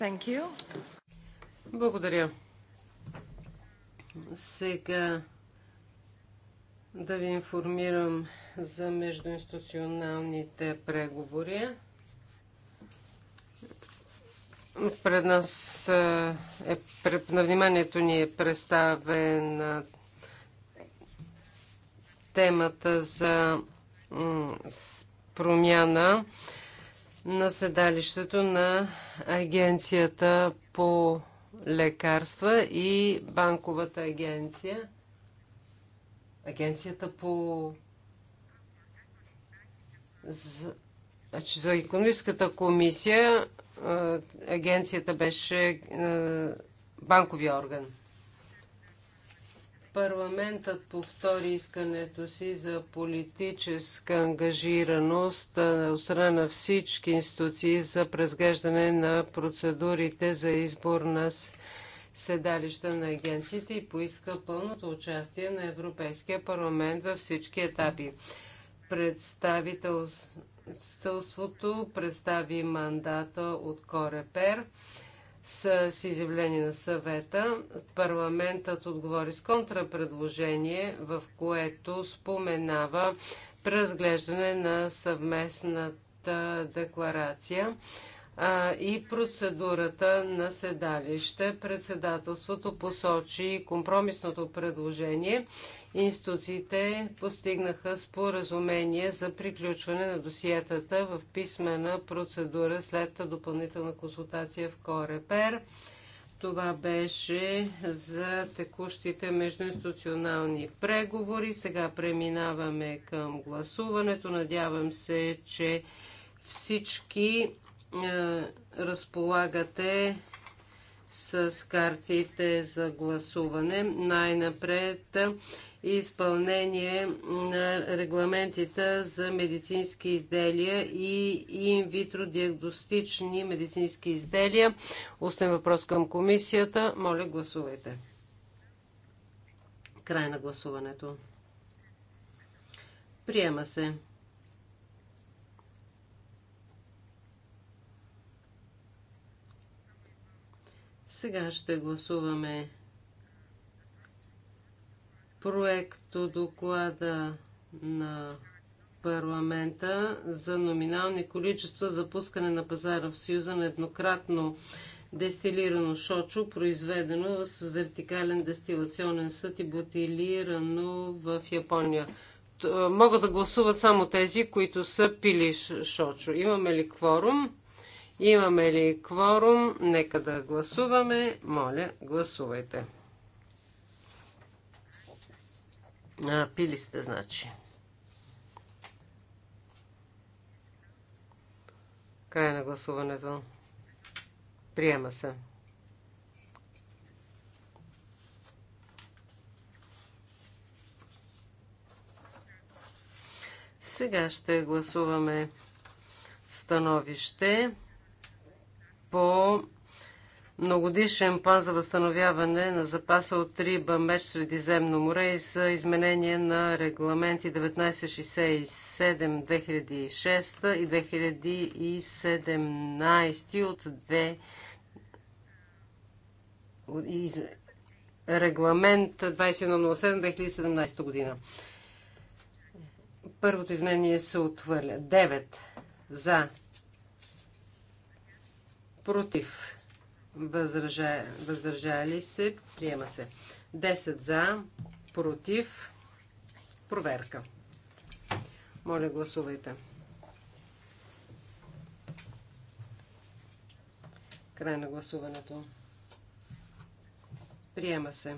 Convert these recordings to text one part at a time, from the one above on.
Thank you. Благодаря. Сега да ви информирам за междуинституционалните преговори. Пред нас е, на вниманието ни е представена темата за промяна на седалището на Агенцията по лекарства и Банковата агенция. Агенцията по за, значи, за економическата комисия агенцията беше банковия орган. Парламентът повтори искането си за политическа ангажираност от страна на всички институции за презглеждане на процедурите за избор на седалища на агенциите и поиска пълното участие на Европейския парламент във всички етапи. Представителството представи мандата от Корепер с изявление на съвета. Парламентът отговори с контрапредложение, в което споменава преразглеждане на съвместната декларация а, и процедурата на седалище. Председателството посочи компромисното предложение. Институциите постигнаха споразумение за приключване на досиетата в писмена процедура след допълнителна консултация в Корепер. Това беше за текущите междуинституционални преговори. Сега преминаваме към гласуването. Надявам се, че всички е, разполагате с картите за гласуване. Най-напред изпълнение на регламентите за медицински изделия и инвитро диагностични медицински изделия. Остен въпрос към комисията. Моля, гласувайте. Край на гласуването. Приема се. Сега ще гласуваме проекто доклада на парламента за номинални количества за пускане на пазара в Съюза на еднократно дестилирано шочо, произведено с вертикален дестилационен съд и бутилирано в Япония. Могат да гласуват само тези, които са пили шочо. Имаме ли кворум? Имаме ли кворум? Нека да гласуваме. Моля, гласувайте. А, пили сте, значи. Край на гласуването. Приема се. Сега ще гласуваме становище по многодишен план за възстановяване на запаса от риба, меч Средиземно море и за изменение на регламенти 1967-2006 и 2017 от две регламент 2107-2017 година. Първото изменение се отвърля. 9 за, против, въздържа, въздържали се, приема се. 10 за, против, проверка. Моля, гласувайте. Край на гласуването. Приема се.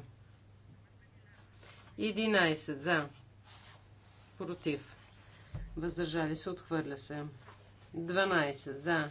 11 за. Против. Въздържали се. Отхвърля се. 12 за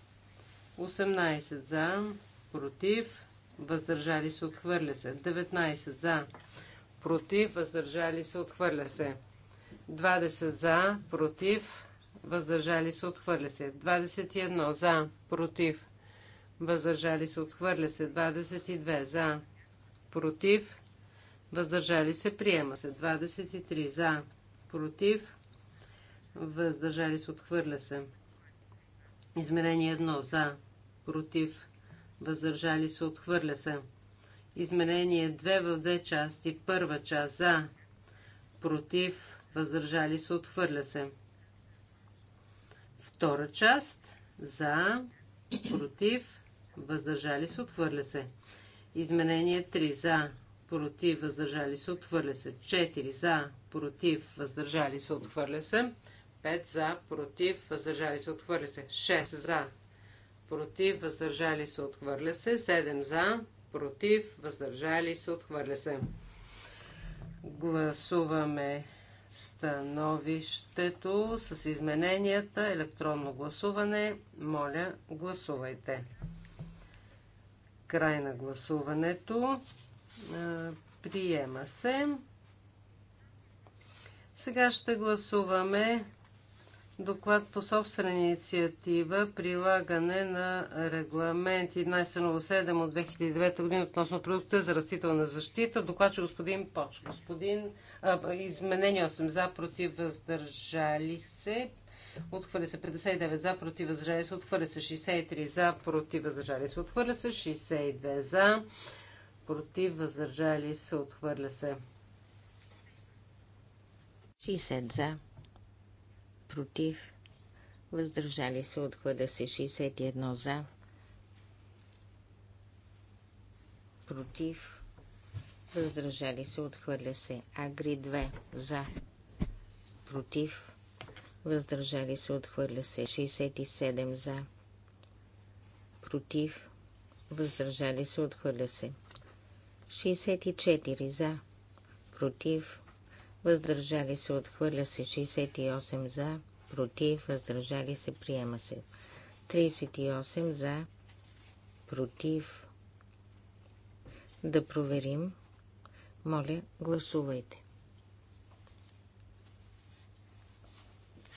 18 за, против, въздържали се, отхвърля се. 19 за, против, въздържали се, отхвърля се. 20 за, против, въздържали се, отхвърля се. 21 за, против, въздържали се, отхвърля се. 22 за, против, въздържали се, приема се. 23 за, против, въздържали се, отхвърля се. Измерение 1 за, против, въздържали се, отхвърля се. Изменение 2 в две части. Първа част за, против, въздържали се, отхвърля се. Втора част за, против, въздържали се, отхвърля се. Изменение 3 за, против, въздържали се, отхвърля се. 4 за, против, въздържали се, отхвърля се. 5 за, против, въздържали се, отхвърля се. 6 за, против, въздържали се, отхвърля се. 7 за, против, въздържали се, отхвърля се. Гласуваме становището с измененията, електронно гласуване. Моля, гласувайте. Край на гласуването. Приема се. Сега ще гласуваме Доклад по собствена инициатива прилагане на регламент 1107 от 2009 година относно продукта за растителна защита. Доклад, че господин Поч. Господин, а, изменение 8 за, против, въздържали се. Отхвърля се 59 за, против, въздържали се. Отхвърля се 63 за, против, въздържали се. Отхвърля се 62 за, против, въздържали се. Отхвърля се. 60 за против, въздържали се, отхвърля се 61 за, против, въздържали се, отхвърля се Агри 2 за, против, въздържали се, отхвърля се 67 за, против, въздържали се, отхвърля се 64 за, против, въздържали се, отхвърля се 68 за, против, въздържали се, приема се 38 за, против. Да проверим. Моля, гласувайте.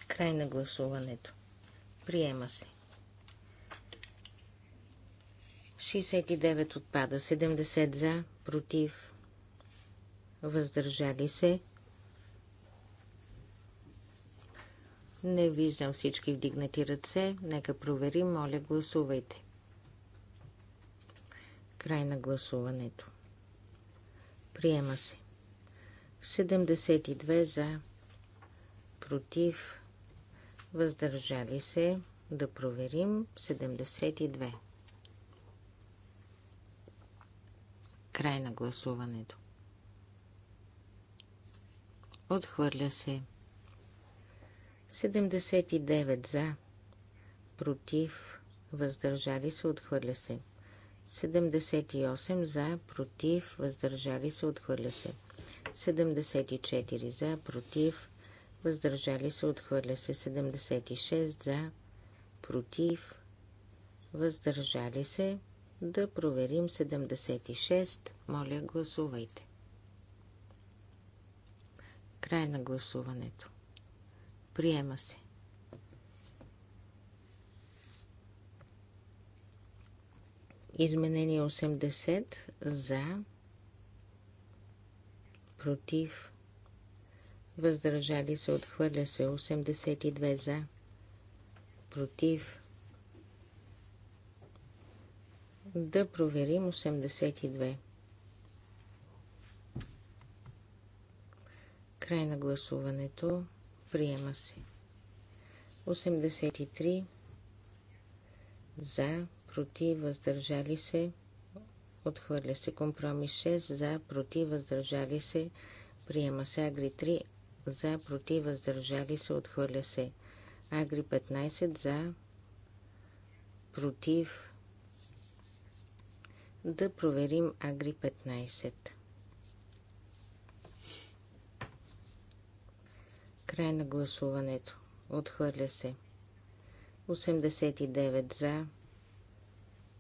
Край на гласуването. Приема се. 69 отпада, 70 за, против, въздържали се, Не виждам всички вдигнати ръце. Нека проверим. Моля, гласувайте. Край на гласуването. Приема се. 72 за, против, въздържали се. Да проверим. 72. Край на гласуването. Отхвърля се. 79 за, против, въздържали се, отхвърля се. 78 за, против, въздържали се, отхвърля се. 74 за, против, въздържали се, отхвърля се. 76 за, против, въздържали се. Да проверим 76. Моля, гласувайте. Край на гласуването. Приема се. Изменение 80 за, против, въздържали се, отхвърля се 82 за, против. Да проверим 82. Край на гласуването. Приема се. 83 за, против, въздържали се. Отхвърля се компромис 6 за, против, въздържали се. Приема се Агри 3 за, против, въздържали се. Отхвърля се. Агри 15 за, против. Да проверим Агри 15. Край на гласуването. Отхвърля се. 89 за.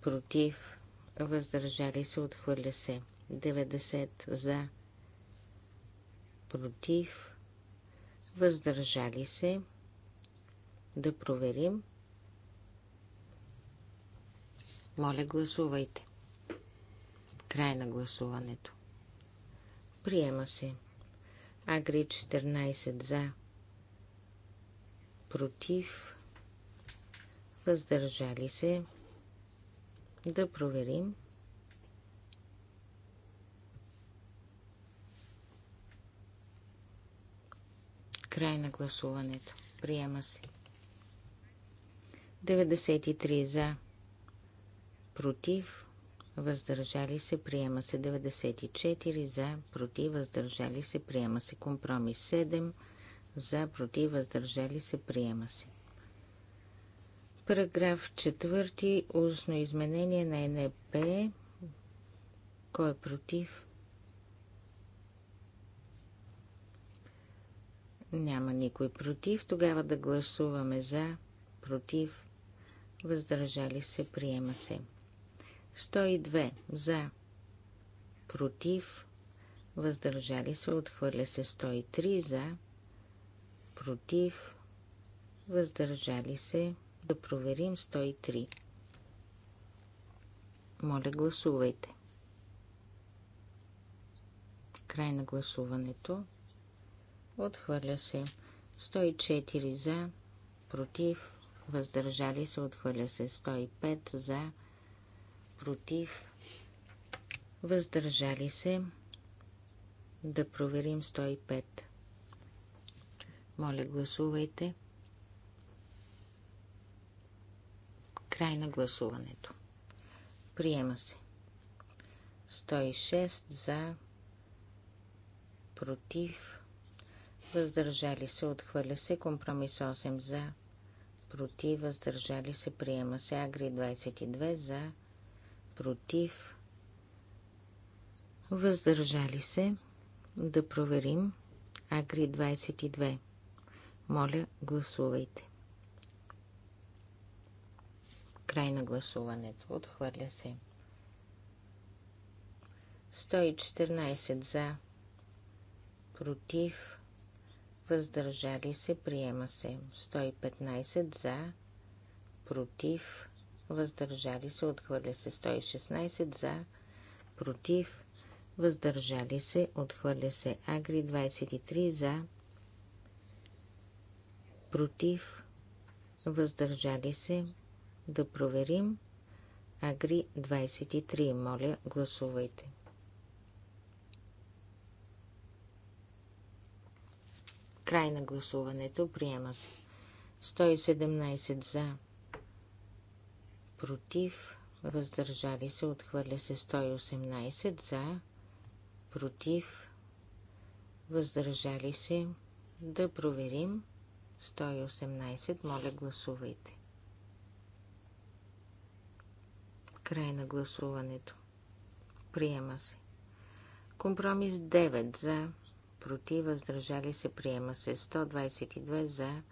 Против. Въздържали се. Отхвърля се. 90 за. Против. Въздържали се. Да проверим. Моля, гласувайте. Край на гласуването. Приема се. Агри 14 за против, въздържали се. Да проверим. Край на гласуването. Приема се. 93 за. Против. Въздържали се. Приема се. 94 за. Против. Въздържали се. Приема се. Компромис 7 за, против, въздържали се, приема се. Параграф 4. Устно изменение на НП. Кой е против? Няма никой против. Тогава да гласуваме за, против, въздържали се, приема се. 102. За, против, въздържали се, отхвърля се 103 за, против, въздържали се. Да проверим 103. Моля, гласувайте. Край на гласуването. Отхвърля се. 104 за, против, въздържали се, отхвърля се. 105 за, против, въздържали се. Да проверим 105. Моля, гласувайте. Край на гласуването. Приема се. 106 за, против, въздържали се, отхвърля се, компромис 8 за, против, въздържали се, приема се, агри 22 за, против, въздържали се, да проверим, агри 22. Моля, гласувайте. Край на гласуването. Отхвърля се. 114 за. Против. Въздържали се. Приема се. 115 за. Против. Въздържали се. Отхвърля се. 116 за. Против. Въздържали се. Отхвърля се. Агри 23 за против, въздържали се, да проверим. Агри 23, моля, гласувайте. Край на гласуването, приема се. 117 за, против, въздържали се, отхвърля се 118 за, против, въздържали се, да проверим. 118. Моля, гласувайте. Край на гласуването. Приема се. Компромис 9 за, против, въздържали се, приема се. 122 за,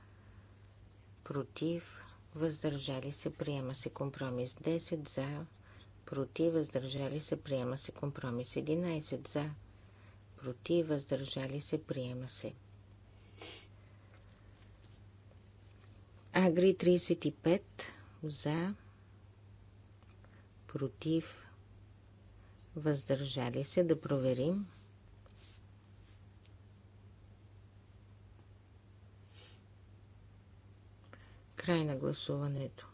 против, въздържали се, приема се. Компромис 10 за, против, въздържали се, приема се. Компромис 11 за, против, въздържали се, приема се. Агри 35 за, против, въздържали се да проверим. Край на гласуването.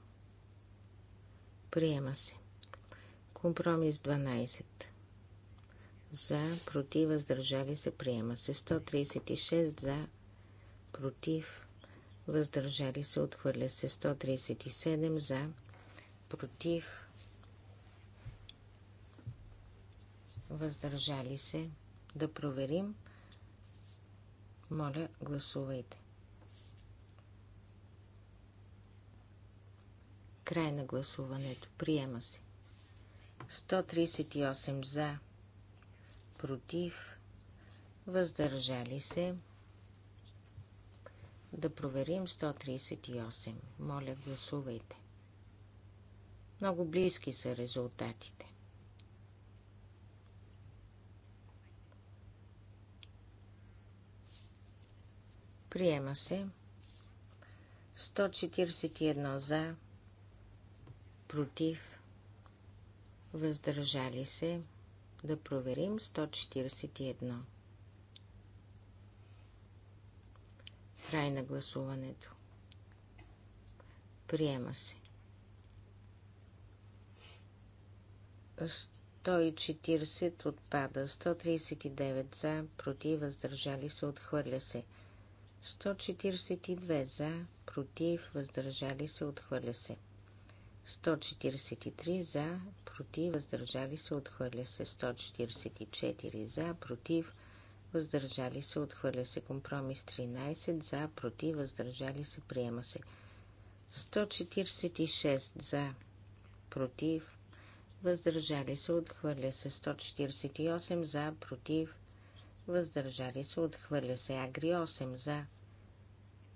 Приема се. Компромис 12. За, против, въздържали се, приема се. 136 за, против, въздържали се, отхвърля се 137 за, против, въздържали се. Да проверим. Моля, гласувайте. Край на гласуването. Приема се. 138 за, против, въздържали се. Да проверим 138. Моля, гласувайте. Много близки са резултатите. Приема се. 141 за, против, въздържали се. Да проверим 141. Край на гласуването. Приема се. 140 отпада, 139 за, против, въздържали се, отхвърля се. 142 за, против, въздържали се, отхвърля се. 143 за, против, въздържали се, отхвърля се. 144 за, против, въздържали се въздържали се, отхвърля се. Компромис 13 за, против, въздържали се, приема се. 146 за, против, въздържали се, отхвърля се. 148 за, против, въздържали се, отхвърля се. Агри 8 за,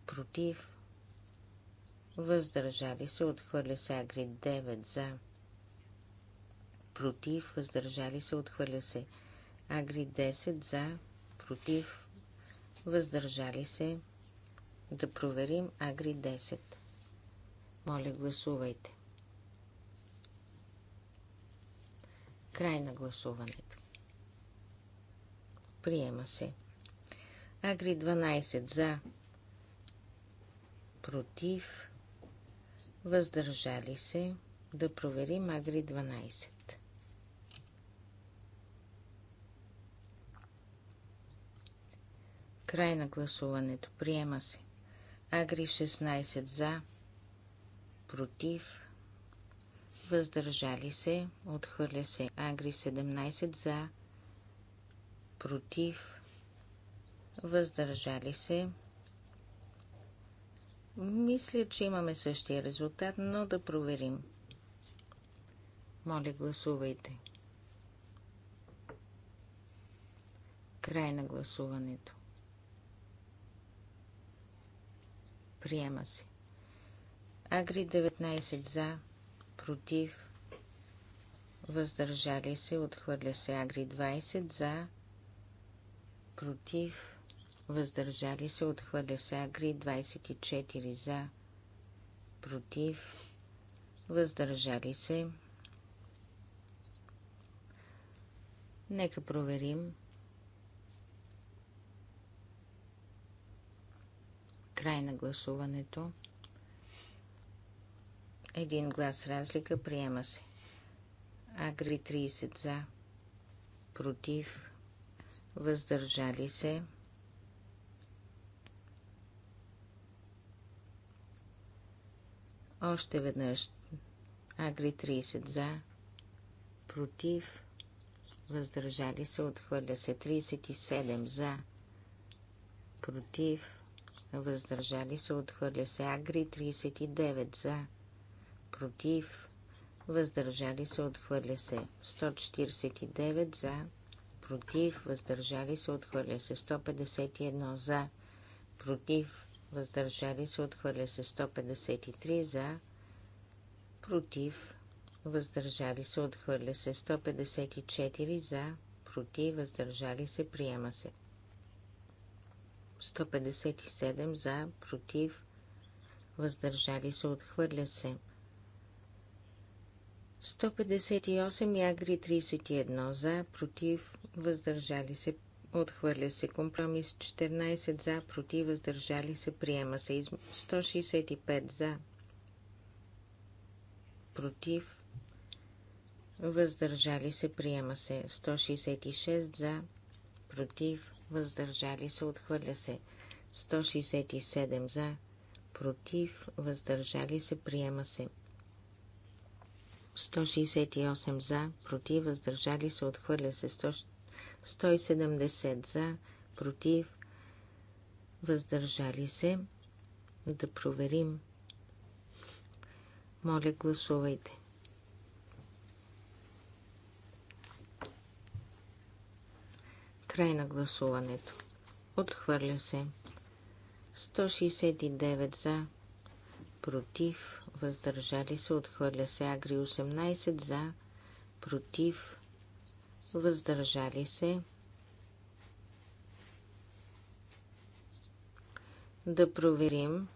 против, въздържали се, отхвърля се. Агри 9 за, против, въздържали се, отхвърля се. Агри 10 за, против, въздържали се. Да проверим Агри 10. Моля, гласувайте. Край на гласуването. Приема се. Агри 12 за. Против. Въздържали се. Да проверим Агри 12. Край на гласуването. Приема се. Агри 16 за, против, въздържали се, отхвърля се. Агри 17 за, против, въздържали се. Мисля, че имаме същия резултат, но да проверим. Моля, гласувайте. Край на гласуването. Приема се. Агри 19 за, против, въздържали се, отхвърля се. Агри 20 за, против, въздържали се, отхвърля се. Агри 24 за, против, въздържали се. Нека проверим. Край на гласуването. Един глас разлика приема се. Агри 30 за. Против. Въздържали се. Още веднъж. Агри 30 за. Против. Въздържали се. Отхвърля се. 37 за. Против въздържали се, отхвърля се. Агри 39 за, против, въздържали се, отхвърля се. 149 за, против, въздържали се, отхвърля се. 151 за, против, въздържали се, отхвърля се. 153 за, против, въздържали се, отхвърля се. 154 за, против, въздържали се, приема се. 157 за, против, въздържали се, отхвърля се. 158 Ягри 31 за, против, въздържали се, отхвърля се. Компромис 14 за, против, въздържали се, приема се. 165 за, против, въздържали се, приема се. 166 за, против, въздържали се, отхвърля се. 167 за, против, въздържали се, приема се. 168 за, против, въздържали се, отхвърля се. 170 за, против, въздържали се. Да проверим. Моля, гласувайте. Край на гласуването. Отхвърля се. 169 за. Против. Въздържали се. Отхвърля се. Агри 18 за. Против. Въздържали се. Да проверим.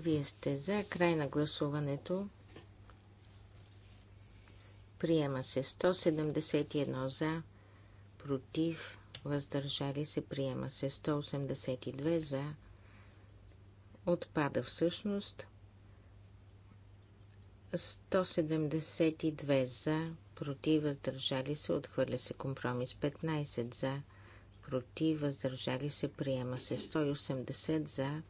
Вие сте за. Край на гласуването. Приема се 171 за, против, въздържали се. Приема се 182 за. Отпада всъщност. 172 за, против, въздържали се. Отхвърля се компромис 15 за, против, въздържали се. Приема се 180 за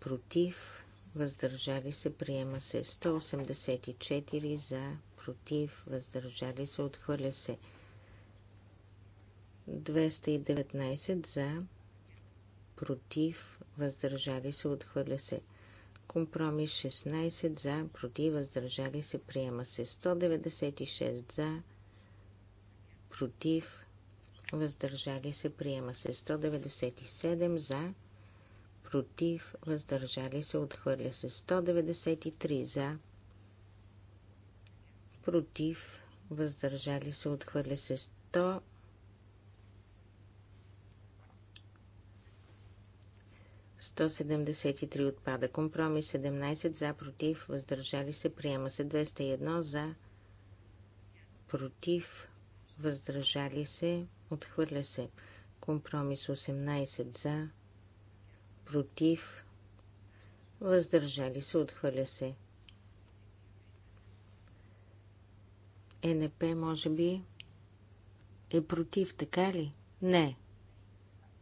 против, въздържали се, приема се 184 за, против, въздържали се, отхвърля се 219 за, против, въздържали се, отхвърля се Компромис 16 за, против, въздържали се, приема се 196 за, против, въздържали се, приема се 197 за, против, въздържали се, отхвърля се 193 за, против, въздържали се, отхвърля се 100. 173 отпада. Компромис 17 за, против, въздържали се, приема се 201 за, против, въздържали се, отхвърля се. Компромис 18 за, против, въздържали се, отхвърля се. ЕНП, може би, е против, така ли? Не.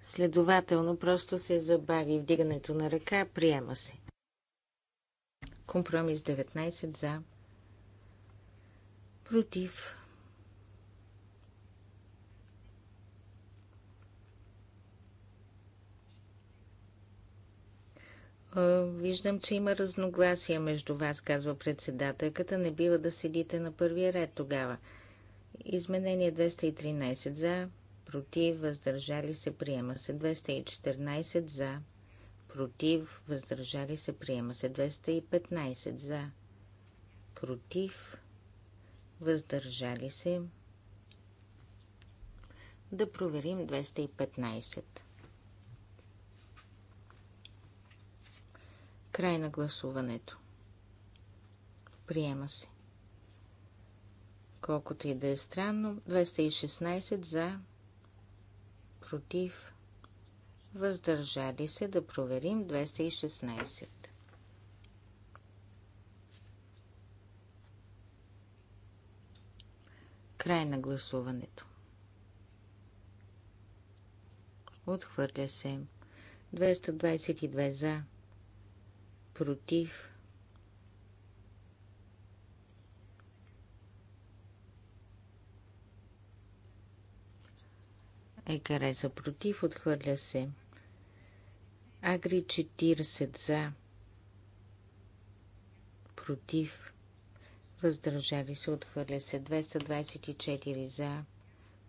Следователно, просто се забави вдигането на ръка, приема се. Компромис 19 за. Против. Виждам, че има разногласия между вас, казва председателката. Не бива да седите на първия ред тогава. Изменение 213 за, против, въздържали се, приема се. 214 за, против, въздържали се, приема се. 215 за, против, въздържали се. Да проверим 215. Край на гласуването. Приема се. Колкото и да е странно, 216 за, против, въздържали се да проверим 216. Край на гласуването. Отхвърля се. 222 за против, Екаре за против, отхвърля се. Агри 40 за, против, въздържали се, отхвърля се. 224 за,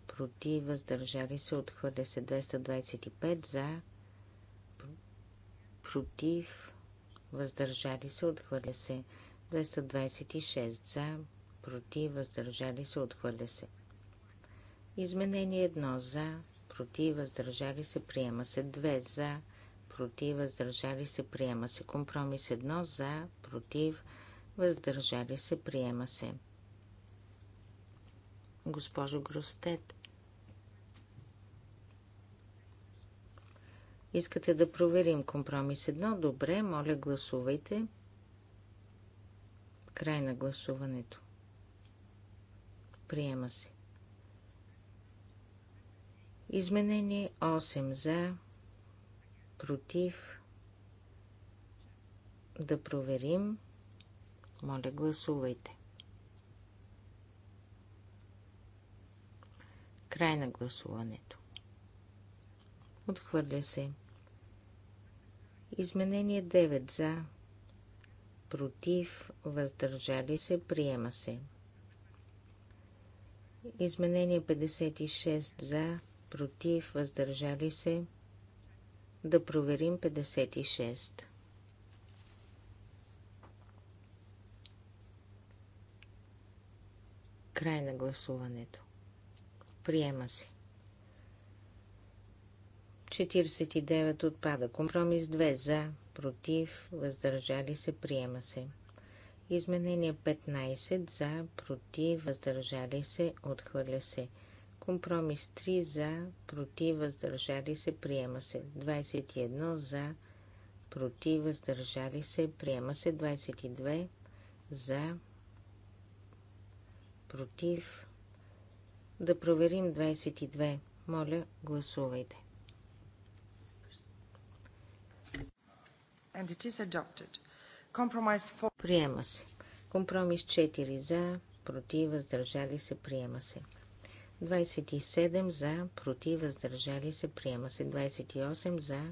против, въздържали се, отхвърля се. 225 за, против, въздържали се, отхвърля се. 226 за, против, въздържали се, отхвърля се. Изменение 1 за, против, въздържали се, приема се. 2 за, против, въздържали се, приема се. Компромис 1 за, против, въздържали се, приема се. Госпожо Гростет, Искате да проверим компромис 1? Добре, моля гласувайте. Край на гласуването. Приема се. Изменение 8 за, против. Да проверим. Моля, гласувайте. Край на гласуването. Отхвърля се. Изменение 9 за, против, въздържали се, приема се. Изменение 56 за, против, въздържали се. Да проверим 56. Край на гласуването. Приема се. 49 отпада. Компромис 2 за, против, въздържали се, приема се. Изменение 15 за, против, въздържали се, отхвърля се. Компромис 3 за, против, въздържали се, приема се. 21 за, против, въздържали се, приема се. 22 за, против. Да проверим 22. Моля, гласувайте. Приема се. Компромис 4 за, против, въздържали се, приема се. 27 за, против, въздържали се, приема се. 28 за,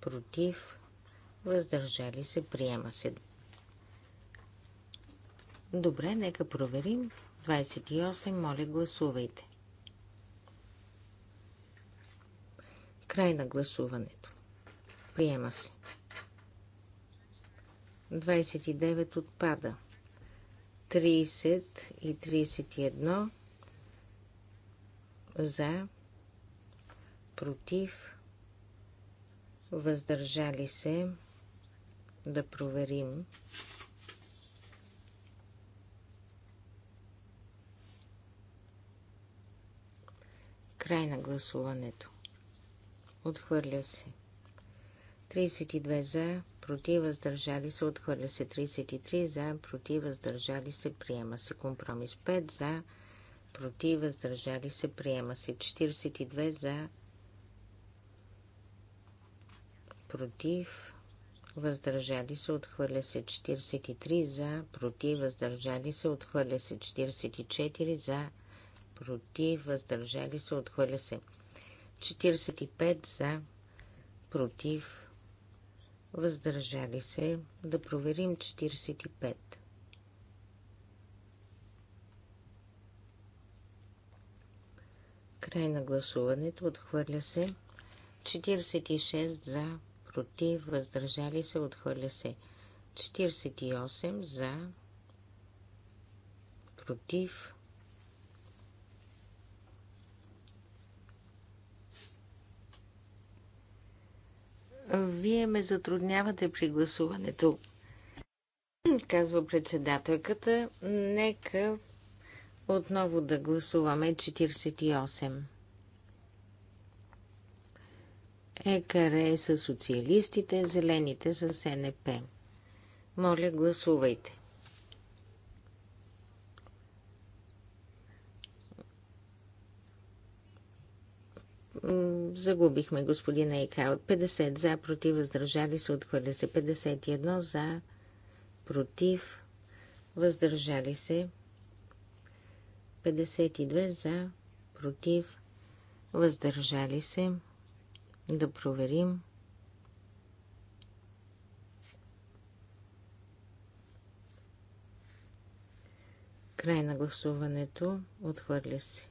против, въздържали се, приема се. Добре, нека проверим. 28, моля гласувайте. Край на гласуването. Приема се. 29 отпада. 30 и 31 за, против, въздържали се да проверим. Край на гласуването. Отхвърля се. 31. 32 за, против, въздържали се, отхвърля се 33 за, против, въздържали се, приема се компромис 5 за, против, въздържали се, приема се 42 за, против, въздържали се, отхвърля се 43 за, против, въздържали се, отхвърля се 44 за, против, въздържали се, отхвърля се 45 за, против, въздържали се, да проверим 45. Край на гласуването отхвърля се 46 за, против, въздържали се, отхвърля се 48 за, против, Вие ме затруднявате при гласуването, казва председателката. Нека отново да гласуваме 48. ЕКР е са социалистите, зелените са СНП. Моля, гласувайте. Загубихме господина Ика от 50 за, против, въздържали се, отхвърля се 51 за, против, въздържали се 52 за, против, въздържали се. Да проверим. Край на гласуването отхвърля се.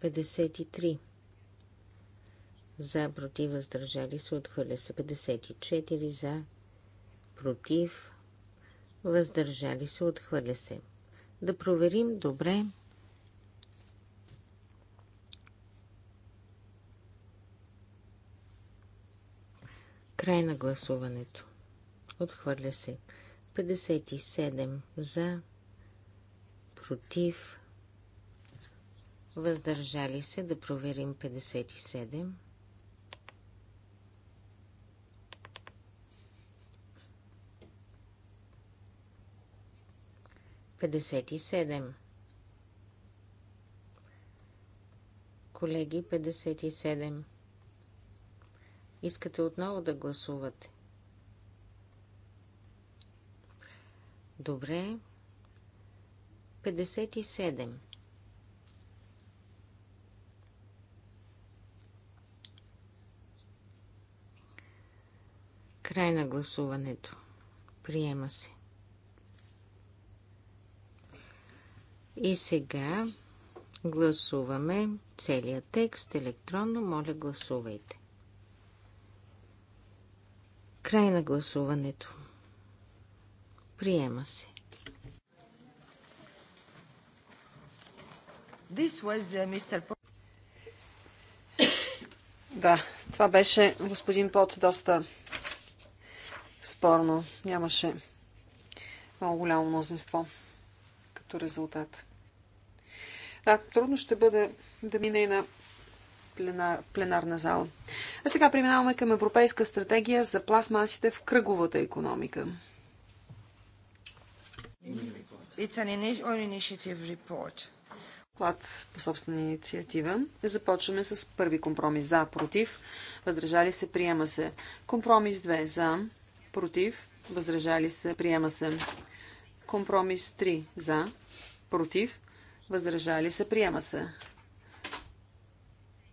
53 за, против, въздържали се, отхвърля се 54 за, против, въздържали се, отхвърля се. Да проверим добре. Край на гласуването. Отхвърля се. 57 за, против, въздържали се, да проверим 57. 57. Колеги, 57. Искате отново да гласувате? Добре. 57. Край на гласуването. Приема се. И сега гласуваме целият текст електронно. Моля, гласувайте. Край на гласуването. Приема се. This was, uh, Mr. Да, това беше, господин Поц, доста спорно. Нямаше много голямо мнозинство като резултат. Да, трудно ще бъде да мине и на пленар, пленарна зала. А сега преминаваме към Европейска стратегия за пластмасите в кръговата економика. It's an initiative report. Клад по собствена инициатива. Започваме с първи компромис. За, против, въздържали се, приема се. Компромис 2. За, против, въздържали се, приема се. Компромис 3. За, против, Въздържали се. Приема се.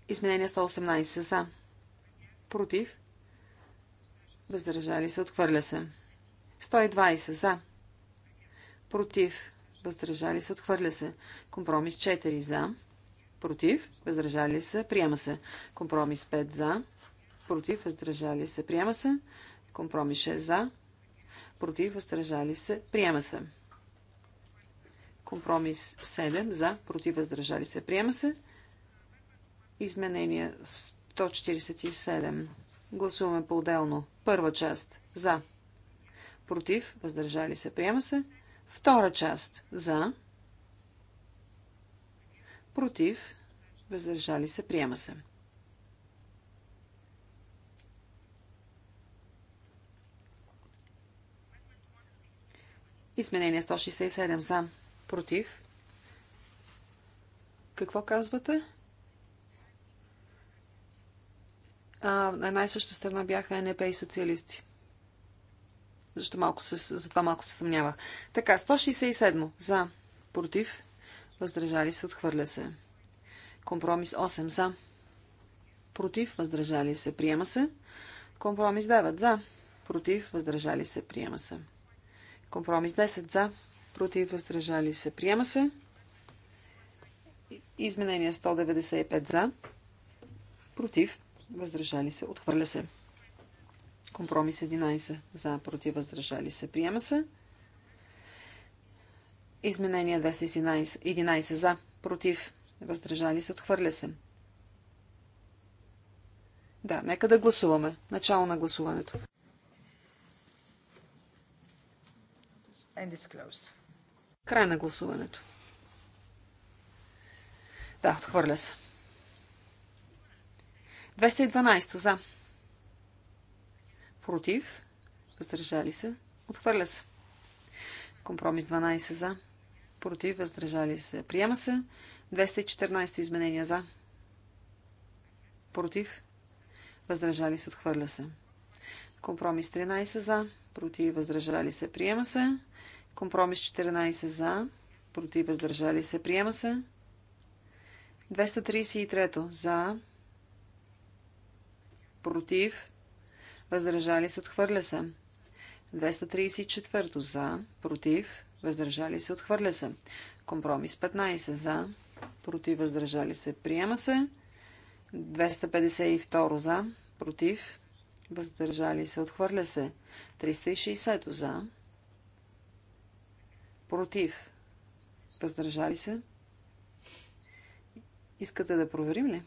Изменение 118 за. Против. Въздържали се. Отхвърля се. 120 за. Против. Въздържали се. Отхвърля се. Компромис 4 за. Против. Въздържали се. Приема се. Компромис 5 за. Против. Въздържали се. Приема се. Компромис 6 за. Против. Въздържали се. Приема се. Компромис 7 за, против, въздържали се, приема се. Изменение 147. Гласуваме по-отделно. Първа част за, против, въздържали се, приема се. Втора част за, против, въздържали се, приема се. Изменение 167 за. Против. Какво казвате? А, на една и съща страна бяха НП и социалисти. Защо малко се, затова малко се съмнявах. Така, 167. За. Против. Въздържали се. Отхвърля се. Компромис 8. За. Против. Въздържали се. Приема се. Компромис 9. За. Против. Въздържали се. Приема се. Компромис 10. За против, въздържали се, приема се. Изменение 195 за, против, въздържали се, отхвърля се. Компромис 11 за, против, въздържали се, приема се. Изменение 211 11, за, против, въздържали се, отхвърля се. Да, нека да гласуваме. Начало на гласуването. And it's closed. Край на гласуването. Да, отхвърля се. 212 за. Против. Въздържали се. Отхвърля се. Компромис 12 за. Против. Въздържали се. Приема се. 214 изменения за. Против. Въздържали се. Отхвърля се. Компромис 13 за. Против. Въздържали се. Приема се. Компромис 14 за, против, въздържали се, приема се. 233 за, против, въздържали се, отхвърля се. 234 за, против, въздържали се, отхвърля се. Компромис 15 за, против, въздържали се, приема се. 252 за, против, въздържали се, отхвърля се. 360 за, Против. Въздържали се. Искате да проверим ли?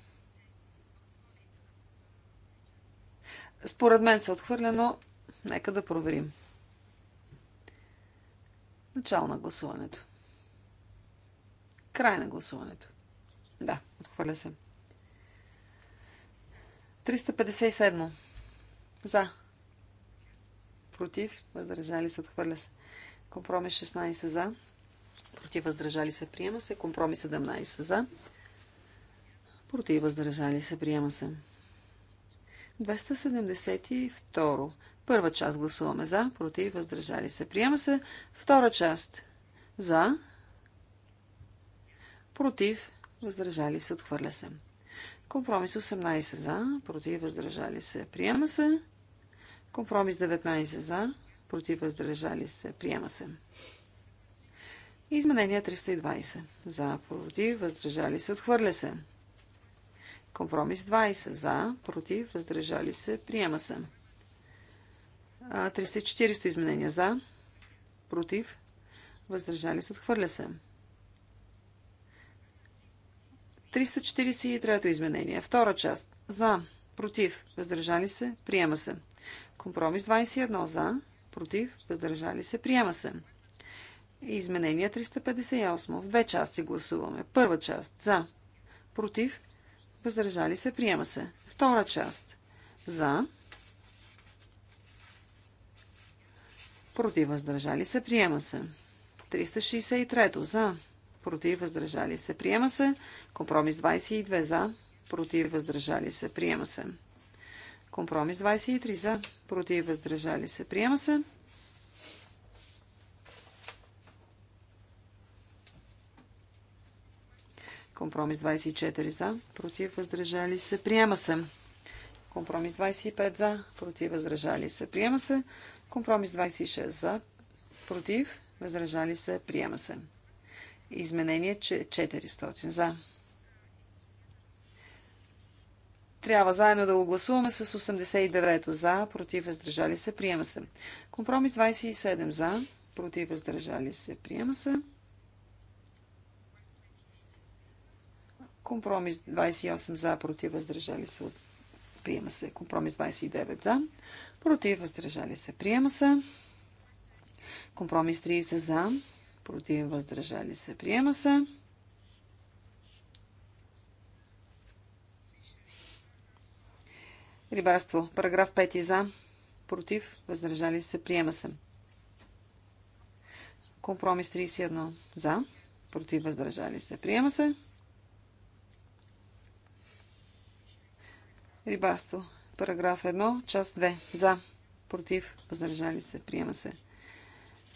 Според мен се отхвърля, но нека да проверим. Начало на гласуването. Край на гласуването. Да, отхвърля се. 357. За. Против. Въздържали се. Отхвърля се. Компромис 16 за. Против въздържали се, приема се. Компромис 17 за. Против въздържали се, приема се. 272. Първа част гласуваме за, против, въздържали се. Приема се. Втора част за, против, въздържали се, отхвърля се. Компромис 18 за, против, въздържали се. Приема се. Компромис 19 за, против въздържали се, приема се. Изменение 320. За, против, въздържали се, отхвърля се. Компромис 20. За, против, въздържали се, приема се. 340 изменения за, против, въздържали се, отхвърля се. 343 изменение. Втора част. За, против, въздържали се, приема се. Компромис 21. За, против, въздържали се, приема се. Изменение 358. В две части гласуваме. Първа част за, против, въздържали се, приема се. Втора част за, против, въздържали се, приема се. 363. За, против, въздържали се, приема се. Компромис 22. За, против, въздържали се, приема се. Компромис 23 за, против, въздържали се. Приема се. Компромис 24 за, против, въздържали се. Приема се. Компромис 25 за, против, въздържали се. Приема се. Компромис 26 за, против, въздържали се. Приема се. Изменение 400 за Трябва заедно да го гласуваме с 89-то за, против, въздържали се, приема се. Компромис 27 за, против, въздържали се, приема се. Компромис 28 за, против, въздържали се, приема се. Компромис 29 за, против, въздържали се, приема се. Компромис 30 за, против, въздържали се, приема се. Рибарство. Параграф 5 за. Против. Въздържали се. Приема се. Компромис 31 за. Против. Въздържали се. Приема се. Рибарство. Параграф 1. Част 2. За. Против. Въздържали се. Приема се.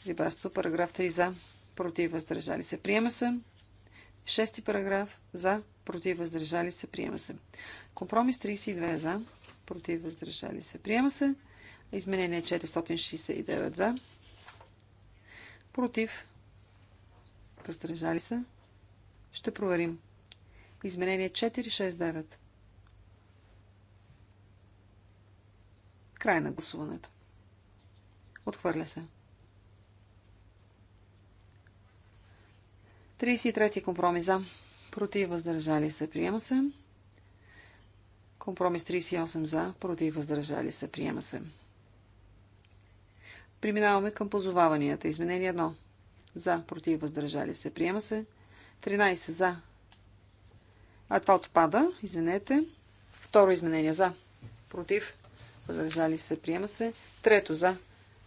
Рибарство. Параграф 3 за. Против. Въздържали се. Приема се. Шести параграф. За. Против. Въздържали се. Приема се. Компромис 32 за против, въздържали се. Приема се. Изменение 469 за, против, въздържали се. Ще проверим. Изменение 469. Край на гласуването. Отхвърля се. 33 компромиза. Против въздържали се. Приема се. Компромис 38 за, против въздържали се, приема се. Преминаваме към позоваванията. Изменение 1. За, против въздържали се, приема се. 13 за. А това отпада, извинете. Второ изменение за, против въздържали се, приема се. Трето за,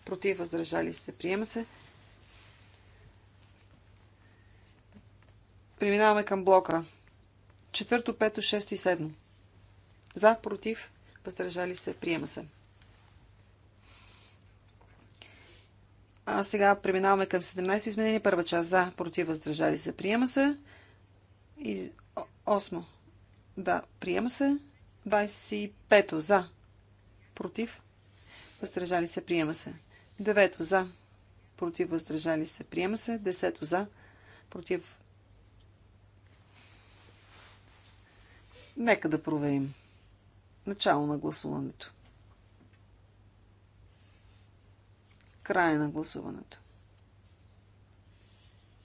против въздържали се, приема се. Преминаваме към блока. Четвърто, пето, шесто и седмо. За, против, въздържали се, приема се. А сега преминаваме към 17 изменение. Първа част за, против, въздържали се, приема се. И 8. Да, приема се. 25 за, против, въздържали се, приема се. 9 за, против, въздържали се, приема се. 10 за, против. Нека да проверим. Начало на гласуването. Края на гласуването.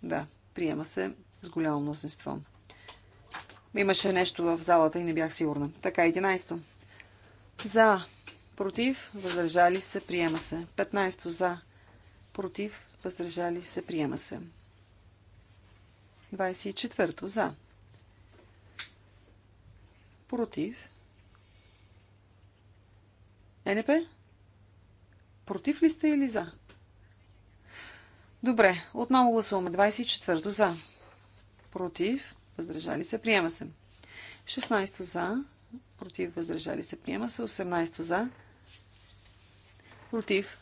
Да, приема се с голямо мнозинство. Имаше нещо в залата и не бях сигурна. Така, 11-то. За, против, въздържали се, приема се. 15-то за, против, въздържали се, приема се. 24-то за, против, е НП? Против ли сте или за? Добре, отново гласуваме. 24-то за. Против. Въздържали се. Приема се. 16-то за. Против. Въздържали се. Приема се. 18-то за. Против.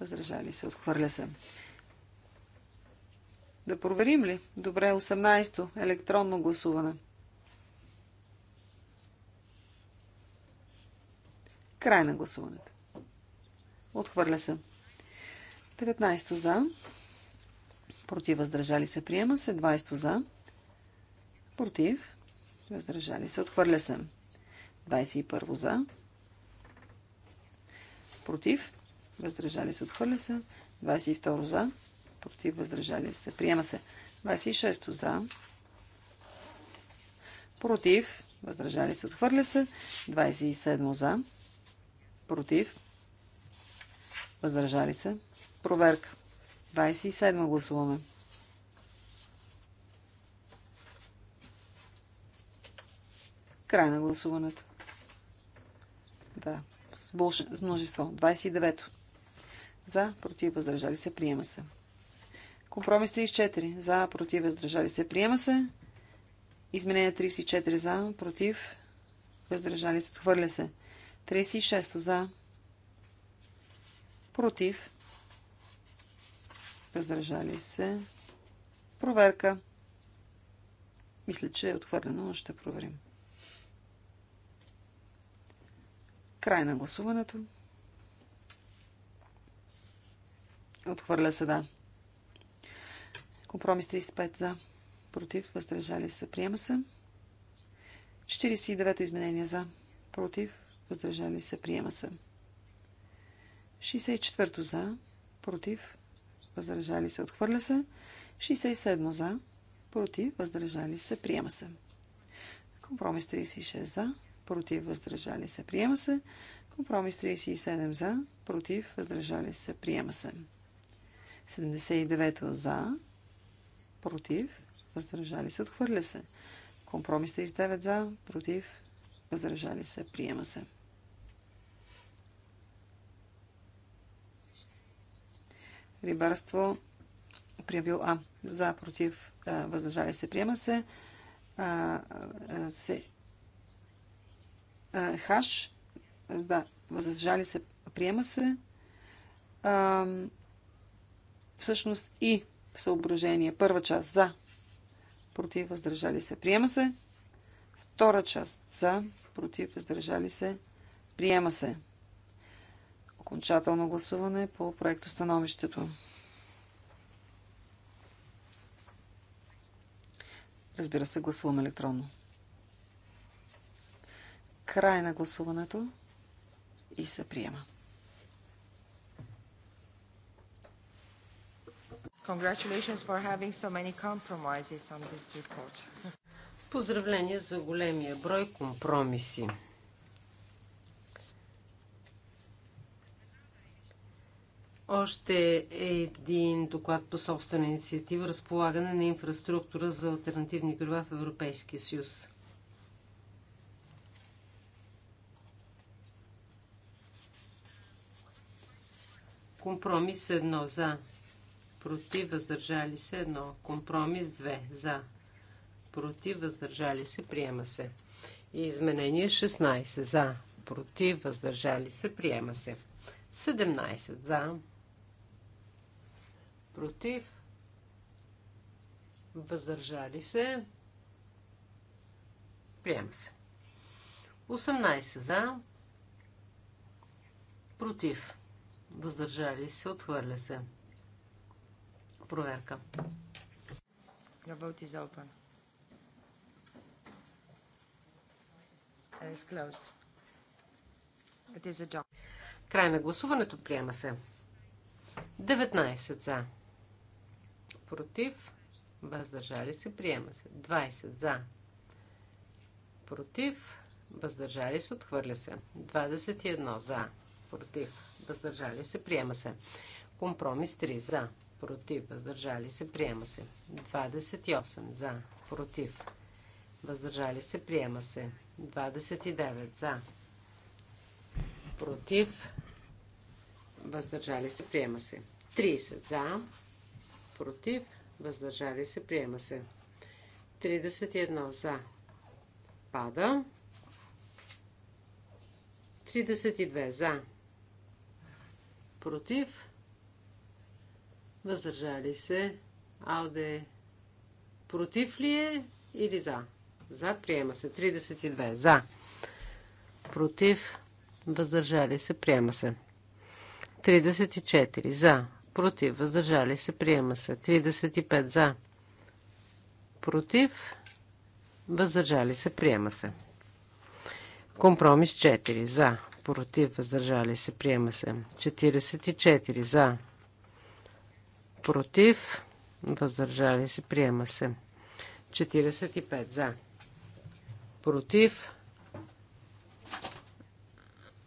Въздържали се. Отхвърля се. Да проверим ли? Добре, 18-то. Електронно гласуване. 18 Край на гласуването. Отхвърля се. 19 за. Против въздържали се. Приема се. 20 за. Против. Въздържали се. Отхвърля се. 21 за. Против. Въздържали се. Отхвърля се. 22 за. Против. Въздържали се. Приема се. 26 за. Против. Въздържали се. Отхвърля се. 27 за против, въздържали се. Проверка. 27 гласуваме. Край на гласуването. Да. С, с множество. 29-то. За, против, въздържали се, приема се. Компромис 34. За, против, въздържали се, приема се. Изменение 34 за, против, въздържали се, отхвърля се. 36 за. Против. Въздържали се. Проверка. Мисля, че е отхвърлено, но ще проверим. Край на гласуването. Отхвърля се, да. Компромис 35 за. Против. Въздържали се. Приема се. 49 изменения за. Против въздържали се, приема се. 64 за, против, въздържали се, отхвърля се. 67 за, против, въздържали се, приема се. Компромис 36 за, против, въздържали се, приема се. Компромис 37 за, против, въздържали се, приема се. 79 за, против, въздържали се, отхвърля се. Компромис 39 за, против, въздържали се, приема се. рибарство, приявил А. За, против, въздържали се, приема се. А, се а, хаш, да, въздържали се, приема се. А, всъщност и съображение. Първа част за, против, въздържали се, приема се. Втора част за, против, въздържали се, приема се. Окончателно гласуване по проекто становището. Разбира се, гласуваме електронно. Край на гласуването и се приема. Congratulations for having so many compromises on this report. Поздравления за големия брой компромиси. Още един доклад по собствена инициатива разполагане на инфраструктура за альтернативни горива в Европейския съюз. Компромис 1 за. Против въздържали се 1. Компромис 2 за. Против въздържали се приема се. изменение 16 за. Против въздържали се приема се. 17 за против, въздържали се, приема се. 18 за, против, въздържали се, отхвърля се. Проверка. Работи за опан. Край на гласуването приема се. 19 за против, въздържали се, приема се. 20 за, против, въздържали се, отхвърля се. 21 за, против, въздържали се, приема се. Компромис 3 за, против, въздържали се, приема се. 28 за, против, въздържали се, приема се. 29 за, против, въздържали се, приема се. 30 за, против, въздържали се, приема се. 31 за, пада. 32 за, против, въздържали се, ауде, против ли е или за? За, приема се. 32 за, против, въздържали се, приема се. 34 за, Против. Въздържали се. Приема се. 35 за. Против. Въздържали се. Приема се. Компромис 4 за. Против. Въздържали се. Приема се. 44 за. Против. Въздържали се. Приема се. 45 за. Против.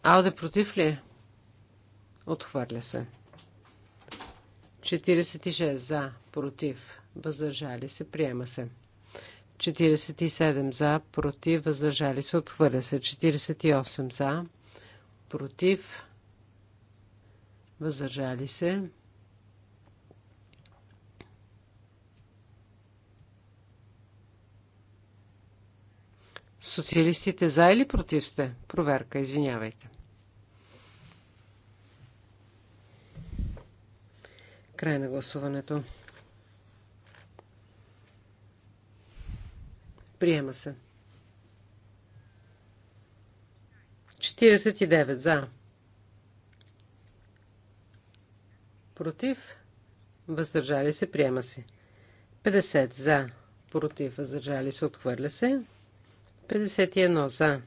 Ауде, против ли? Отхвърля се. 46 за, против, въздържали се, приема се. 47 за, против, въздържали се, отхвърля се. 48 за, против, въздържали се. Социалистите за или против сте? Проверка, извинявайте. Край на гласуването. Приема се. 49 за. Против. Въздържали се. Приема се. 50 за. Против. Въздържали се. Отхвърля се. 51 за.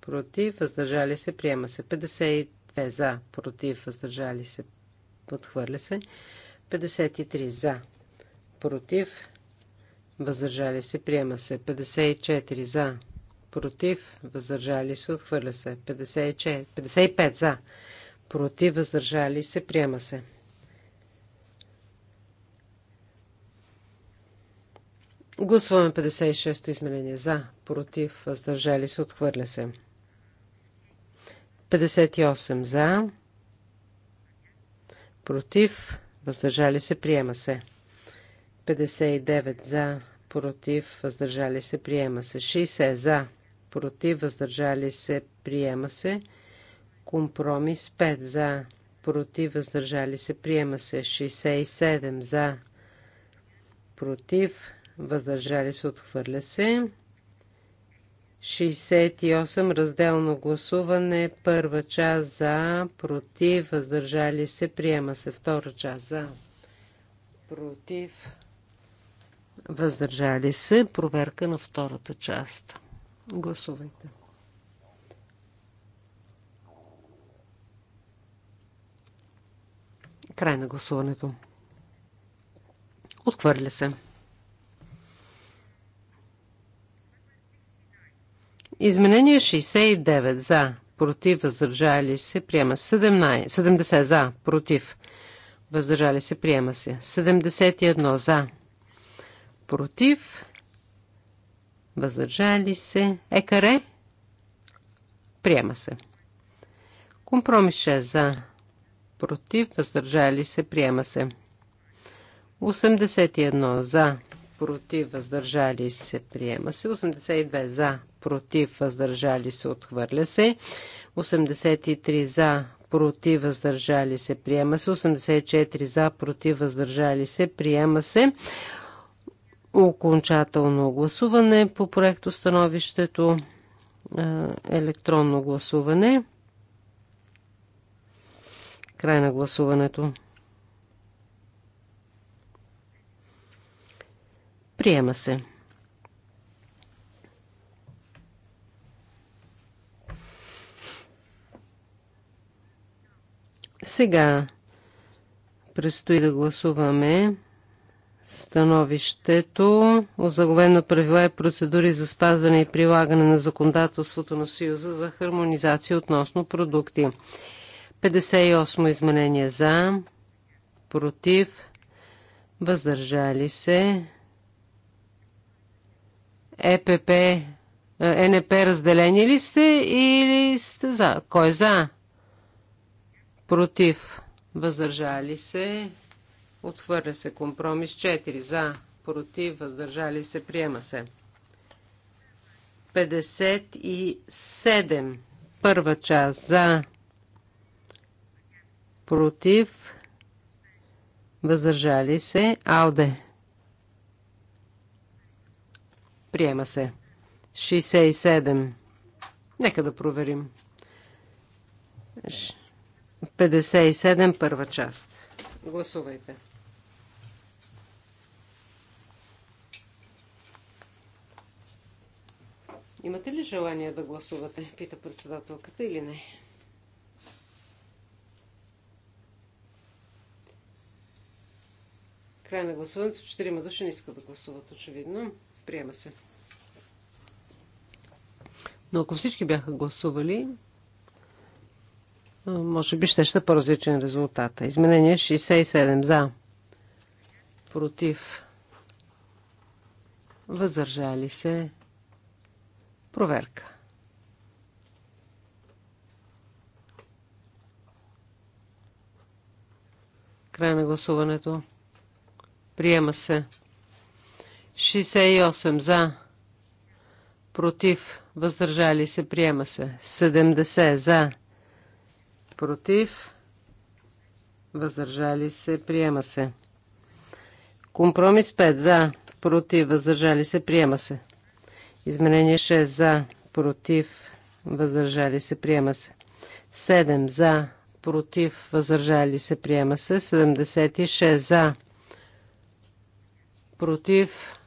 Против. Въздържали се. Приема се. 52 за. Против. Въздържали се. Отхвърля се. 53 за. Против. Въздържали се. Приема се. 54 за. Против. Въздържали се. Отхвърля се. 54. 55 за. Против. Въздържали се. Приема се. Гласуваме 56-то изменение. За. Против. Въздържали се. Отхвърля се. 58 за против, въздържали се, приема се. 59 за, против, въздържали се, приема се. 60 за, против, въздържали се, приема се. Компромис 5 за, против, въздържали се, приема се. 67 за, против, въздържали се, отхвърля се. 68 разделно гласуване. Първа част за, против, въздържали се, приема се. Втора част за, против, въздържали се. Проверка на втората част. Гласувайте. Край на гласуването. Отхвърля се. Изменение 69 за, против, въздържали се, приема 17, 70 за, против, въздържали се, приема се. 71 за, против, въздържали се, екаре, приема се. Компромис 6 за, против, въздържали се, приема се. 81 за, против, въздържали се, приема се. 82 за, против, въздържали се, отхвърля се. 83 за, против, въздържали се, приема се. 84 за, против, въздържали се, приема се. Окончателно гласуване по проекто становището електронно гласуване. Край на гласуването. Приема се. Сега предстои да гласуваме становището, Озаговено правила и процедури за спазване и прилагане на законодателството на Съюза за хармонизация относно продукти. 58 изменение за, против, въздържали се. ЕПП, е, НП е разделени ли сте или сте за? Кой е за? против, въздържали се, Отвърля се компромис 4 за, против, въздържали се, приема се. 57. Първа част за, против, въздържали се, ауде. Приема се. 67. Нека да проверим. 67. 57 първа част. Гласувайте. Имате ли желание да гласувате, пита председателката или не? Край на гласуването. Четирима души не искат да гласуват, очевидно. Приема се. Но ако всички бяха гласували, е, може би ще ще по-различен резултат. Изменение 67 за. Против. Въздържали се. Проверка. Край на гласуването. Приема се. 68 за. Против. Въздържали се. Приема се. 70 за против, въздържали се, приема се. Компромис 5 за, против, въздържали се, приема се. Изменение 6 за, против, въздържали се, приема се. 7 за, против, въздържали се, приема се. 76 за, против,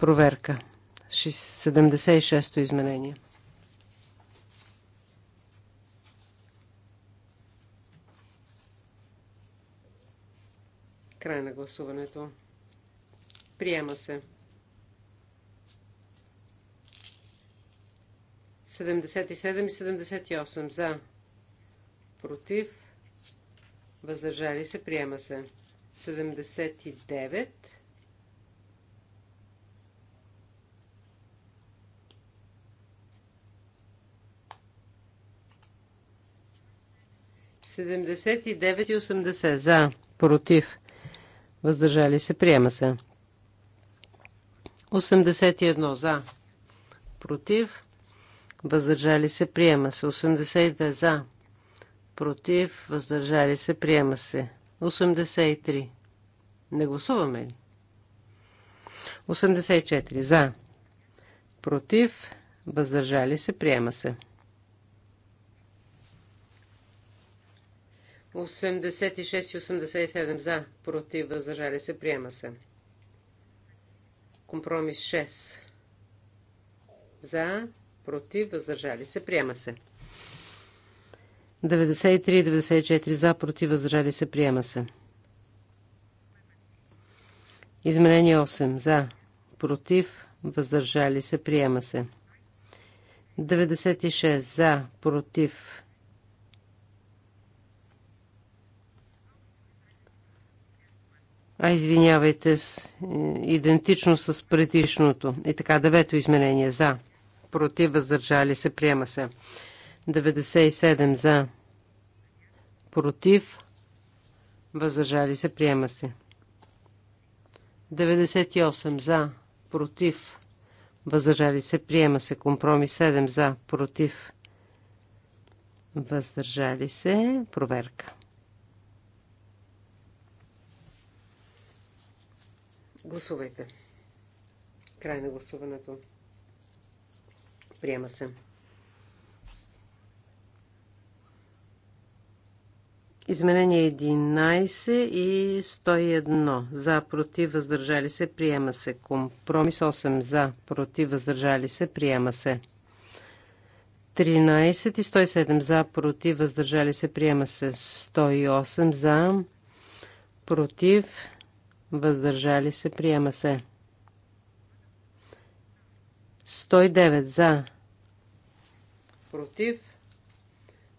проверка. 76-то изменение. Край на гласуването. Приема се. 77 и 78 за. Против. Въздържали се. Приема се. 79. 79 и 80. за против въздържали се, приема се. 81 за, против, въздържали се, приема се. 82 за, против, въздържали се, приема се. 83. Не гласуваме ли? 84 за, против, въздържали се, приема се. 86 и 87 за, против, въздържали се, приема се. Компромис 6 за, против, въздържали се, приема се. 93 и 94 за, против, въздържали се, приема се. Изменение 8 за, против, въздържали се, приема се. 96 за, против, а извинявайте, с, е, идентично с предишното. И така, девето изменение за, против, въздържали се, приема се. 97 за, против, въздържали се, приема се. 98 за, против, въздържали се, приема се. Компромис 7 за, против, въздържали се, проверка. Гласувайте. Край на гласуването. Приема се. Изменение 11 и 101. За, против, въздържали се, приема се. Компромис 8. За, против, въздържали се, приема се. 13 и 107. За, против, въздържали се, приема се. 108. За, против, въздържали се, приема се. 109 за, против,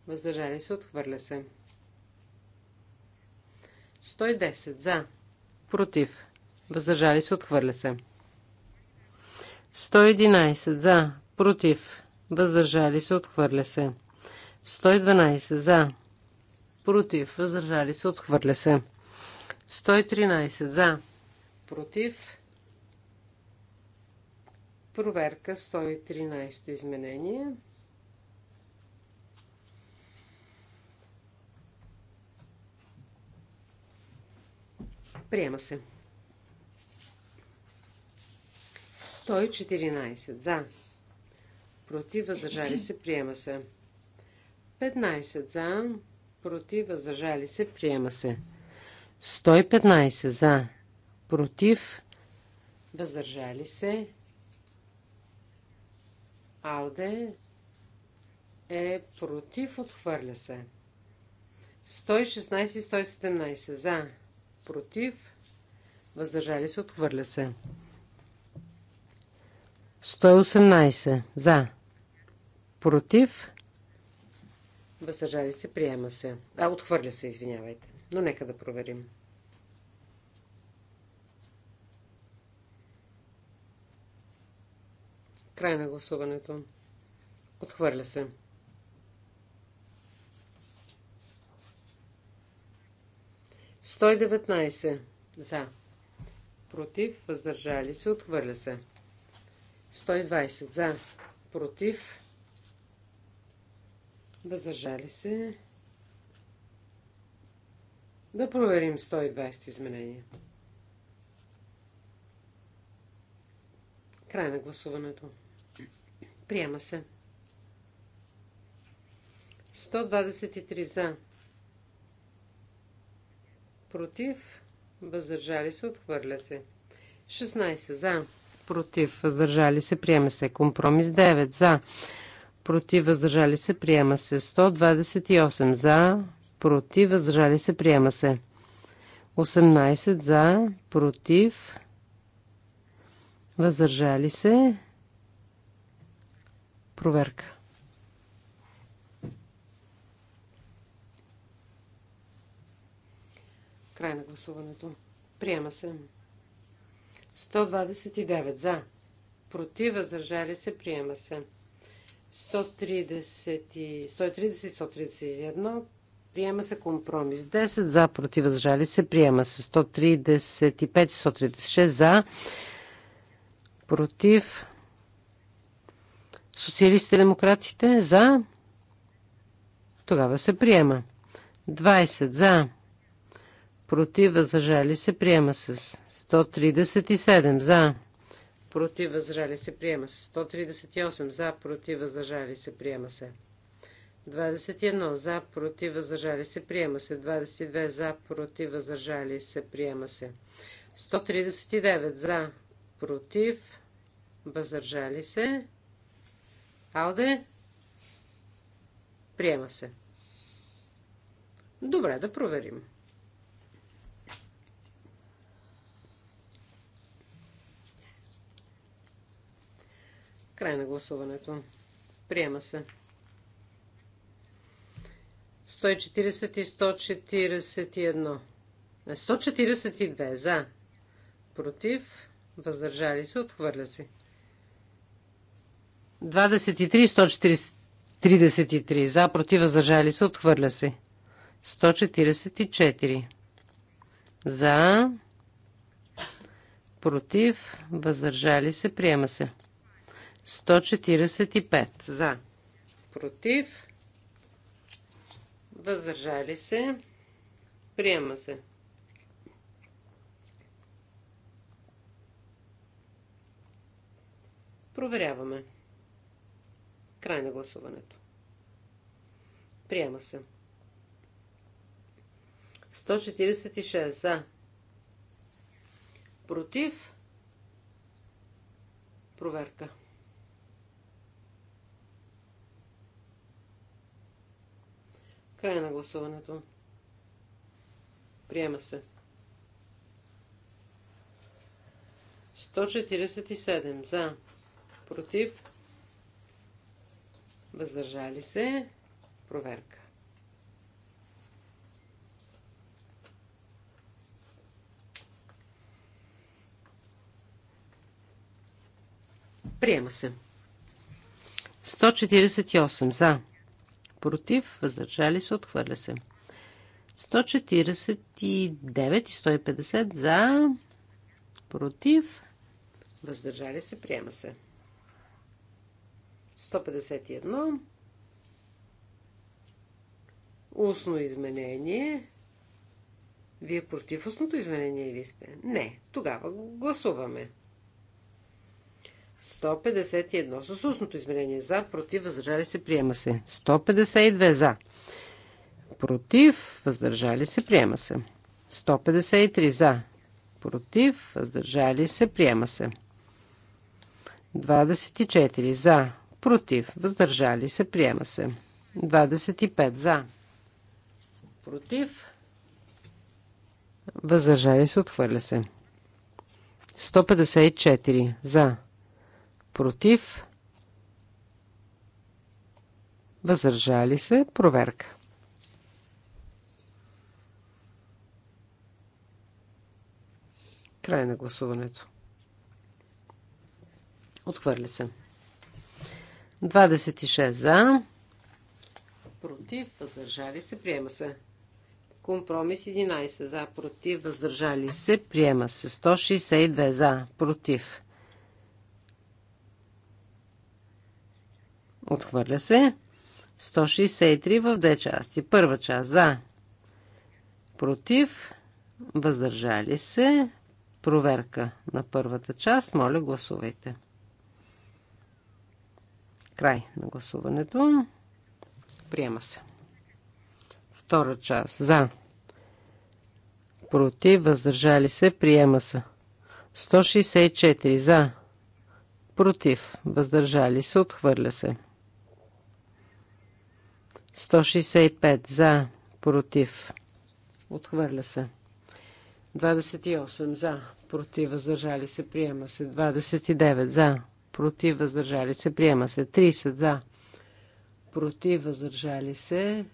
въздържали се, отхвърля се. 110 за, против, въздържали се, отхвърля се. 111 за, против, въздържали се, отхвърля се. 112 за, против, въздържали се, отхвърля се. 113 за. Против. Проверка 113 изменение. Приема се. 114 за. Против, въздържали се, приема се. 15 за. Против, въздържали се, приема се. 115 за, против, въздържали се. Алде е против, отхвърля се. 116 и 117 за, против, въздържали се, отхвърля се. 118 за, против, въздържали се, приема се. А, отхвърля се, извинявайте но нека да проверим. Край на гласуването. Отхвърля се. Стой деветнайсе. За. Против. Въздържали се. Отхвърля се. 120 за. Против. Въздържали се. Да проверим 120 изменения. Край на гласуването. Приема се. 123 за. Против. Въздържали се. Отхвърля се. 16 за. Против. Въздържали се. Приема се. Компромис 9 за. Против. Въздържали се. Приема се. 128 за против, въздържали се, приема се. 18 за, против, въздържали се. Проверка. Край на гласуването. Приема се. 129 за. Против, въздържали се, приема се. 130, 130 131 Приема се компромис. 10 за, против, въздържали се. Приема се 135, 136 за, против. Социалистите демократите за. Тогава се приема. 20 за. Против, въздържали се. Приема се 137 за. Против, въздържали се. Приема се 138 за. Против, въздържали се. Приема се. 21 за, против, въздържали се, приема се. 22 за, против, въздържали се, приема се. 139 за, против, въздържали се. Ауде, приема се. Добре, да проверим. Край на гласуването. Приема се. 140 и 141. 142 за. Против. Въздържали се. Отхвърля се. 23 133 за. Против. Въздържали се. Отхвърля се. 144 за. Против. Въздържали се. Приема се. 145 за. Против Въздържали се. Приема се. Проверяваме. Край на гласуването. Приема се. 146 за. Против. Проверка. Край на гласуването. Приема се. 147 за. Против. Въздържали се. Проверка. Приема се. 148 за против, въздържали се, отхвърля се. 149 и 150 за, против, въздържали се, приема се. 151. Устно изменение. Вие против устното изменение ли сте? Не. Тогава го гласуваме. 151 с устното изменение за, против, въздържали се, приема се. 152 за, против, въздържали се, приема се. 153 за, против, въздържали се, приема се. 24 за, против, въздържали се, приема се. 25 за, против, въздържали се, отхвърля се. 154 за, против, въздържали се, проверка. Край на гласуването. Отхвърля се. 26 за. Против, въздържали се, приема се. Компромис 11 за, против, въздържали се, приема се. 162 за, против, Отхвърля се. 163 в две части. Първа част за. Против. Въздържали се. Проверка на първата част. Моля, гласувайте. Край на гласуването. Приема се. Втора част. За. Против. Въздържали се. Приема се. 164. За. Против. Въздържали се. Отхвърля се. 165 за, против, отхвърля се. 28 за, против, въздържали се, приема се. 29 за, против, въздържали се, приема се. 30 за, против, въздържали се.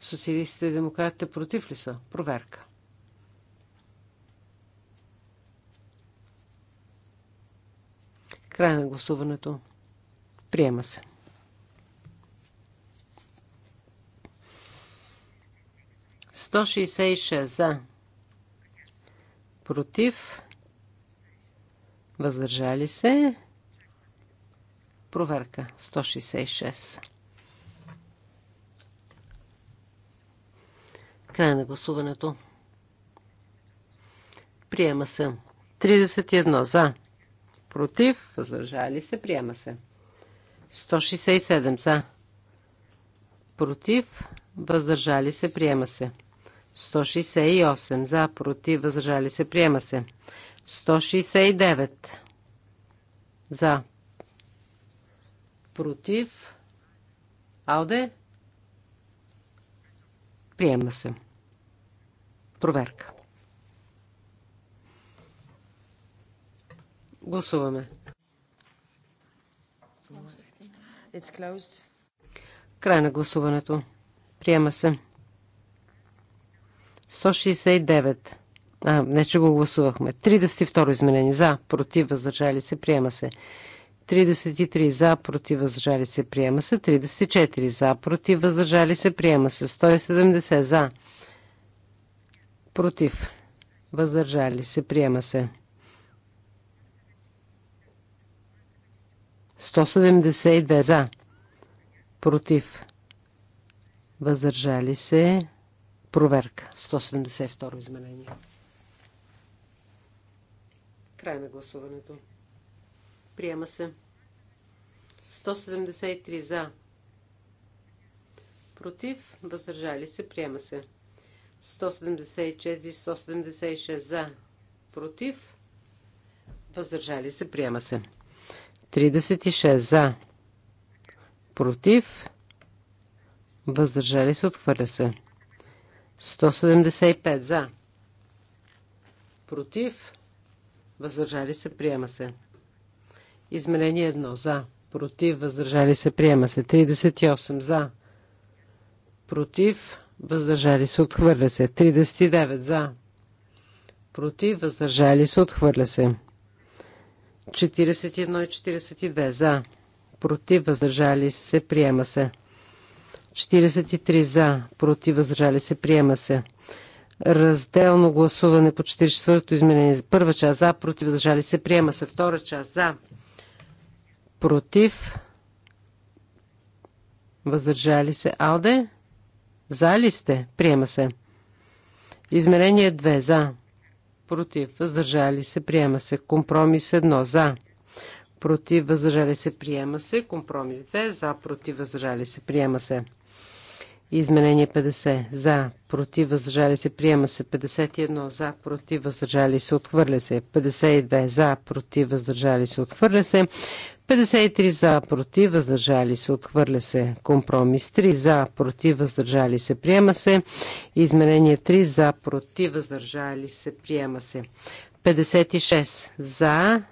Социалистите и демократите против ли са? Проверка. Край на гласуването. Приема се. 166 за. Против. Въздържали се. Проверка 166. Край на гласуването. Приема се. 31 за. Против. Въздържали се. Приема се. 167 за. Против. Въздържали се. Приема се. 168 за, против, въздържали се, приема се. 169 за, против, алде, приема се. Проверка. Гласуваме. Край на гласуването. Приема се. 169. А, не, че го гласувахме. 32 изменение. За, против, въздържали се, приема се. 33 за, против, въздържали се, приема се. 34 за, против, въздържали се, приема се. 170 за, против, въздържали се, приема се. 172 за, против, въздържали се, Проверка. 172 изменение. Край на гласуването. Приема се. 173 за. Против. Въздържали се. Приема се. 174, 176 за. Против. Въздържали се. Приема се. 36 за. Против. Въздържали се. Отхвърля се. 175 за. Против. Въздържали се. Приема се. Измерение 1 за. Против. Въздържали се. Приема се. 38 за. Против. Въздържали се. Отхвърля се. 39 за. Против. Въздържали се. Отхвърля се. 41 и 42 за. Против. Въздържали се. Приема се. 43 за, против, възражали се, приема се. Разделно гласуване по 44-то изменение. Първа част за, против, възражали се, приема се. Втора част за, против, въздържали се. Алде, за ли сте? Приема се. Измерение 2 за, против, въздържали се, приема се. Компромис 1 за, против, въздържали се, приема се. Компромис 2 за, против, въздържали се, приема се. Изменение 50. За. Против. Въздържали се. Приема се. 51. За. Против. Въздържали се. Отхвърля се. 52. За. Против. Въздържали се. Отхвърля се. 53 за, против, въздържали се, отхвърля се. Компромис 3 за, против, въздържали се, приема се. Изменение 3 за, против, въздържали се, приема се. 56 за,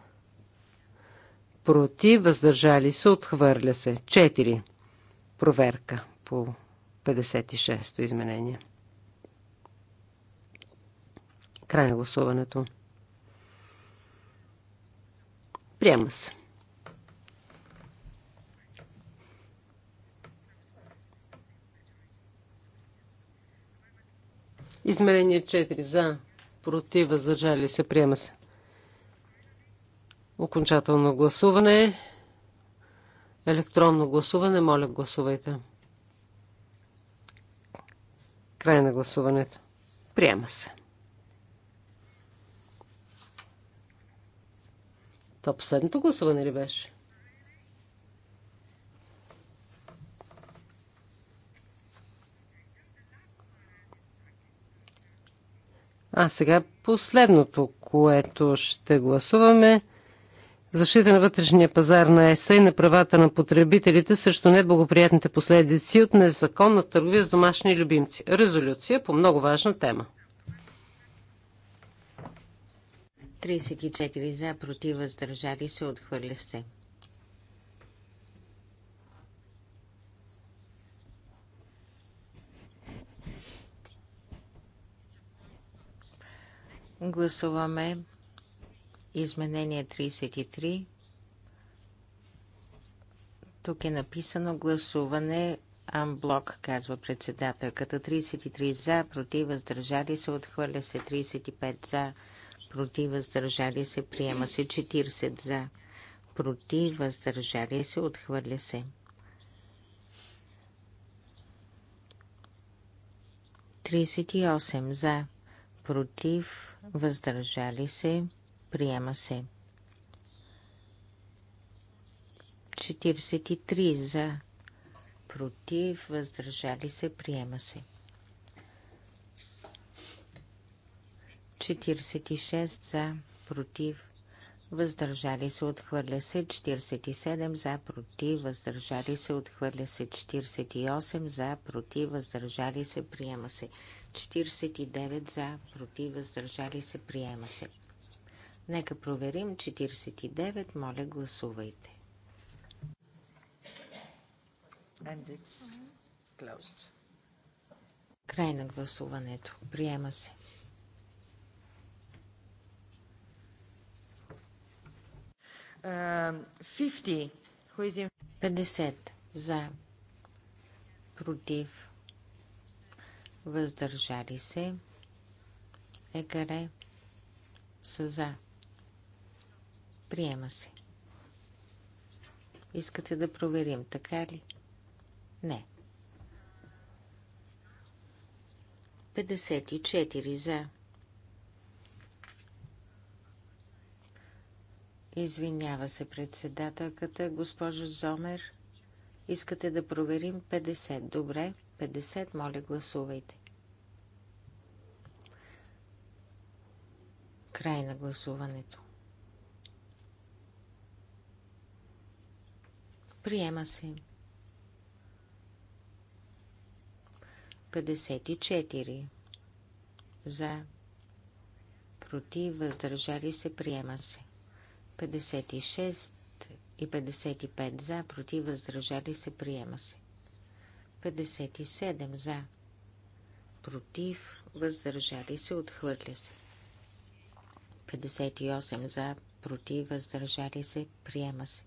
против, въздържали се, отхвърля се. 4. Проверка по 56-то изменение. Край на гласуването. Приема се. Измерение 4 за, против, въздържали се, приема се. Окончателно гласуване. Електронно гласуване, моля гласувайте. Край на гласуването. Приема се. То последното гласуване ли беше? А сега последното, което ще гласуваме – защита на вътрешния пазар на ЕСА и на правата на потребителите срещу неблагоприятните последици от незаконна търговия с домашни любимци. Резолюция по много важна тема. 34 за, против, въздържали се, отхвърля се. Гласуваме Изменение 33. Тук е написано гласуване Амблок, казва председателката. 33 за, против, въздържали се, отхвърля се 35 за, против, въздържали се, приема се 40 за, против, въздържали се, отхвърля се. 38 за, против, въздържали се, Приема се. 43 за. Против. Въздържали се. Приема се. 46 за. Против. Въздържали се. Отхвърля се. 47 за. Против. Въздържали се. Отхвърля се. 48 за. Против. Въздържали се. Приема се. 49 за. Против. Въздържали се. Приема се. Нека проверим 49. Моля, гласувайте. Край на гласуването. Приема се. Uh, 50. 50 за против въздържали се екаре са за Приема се. Искате да проверим, така ли? Не. 54 за. Извинява се председателката, госпожо Зомер. Искате да проверим 50. Добре, 50, моля гласувайте. Край на гласуването. Приема се. 54. За. Против. Въздържали се. Приема се. 56 и 55 за. Против. Въздържали се. Приема се. 57 за. Против. Въздържали се. Отхвърля се. 58 за. Против. Въздържали се. Приема се. 59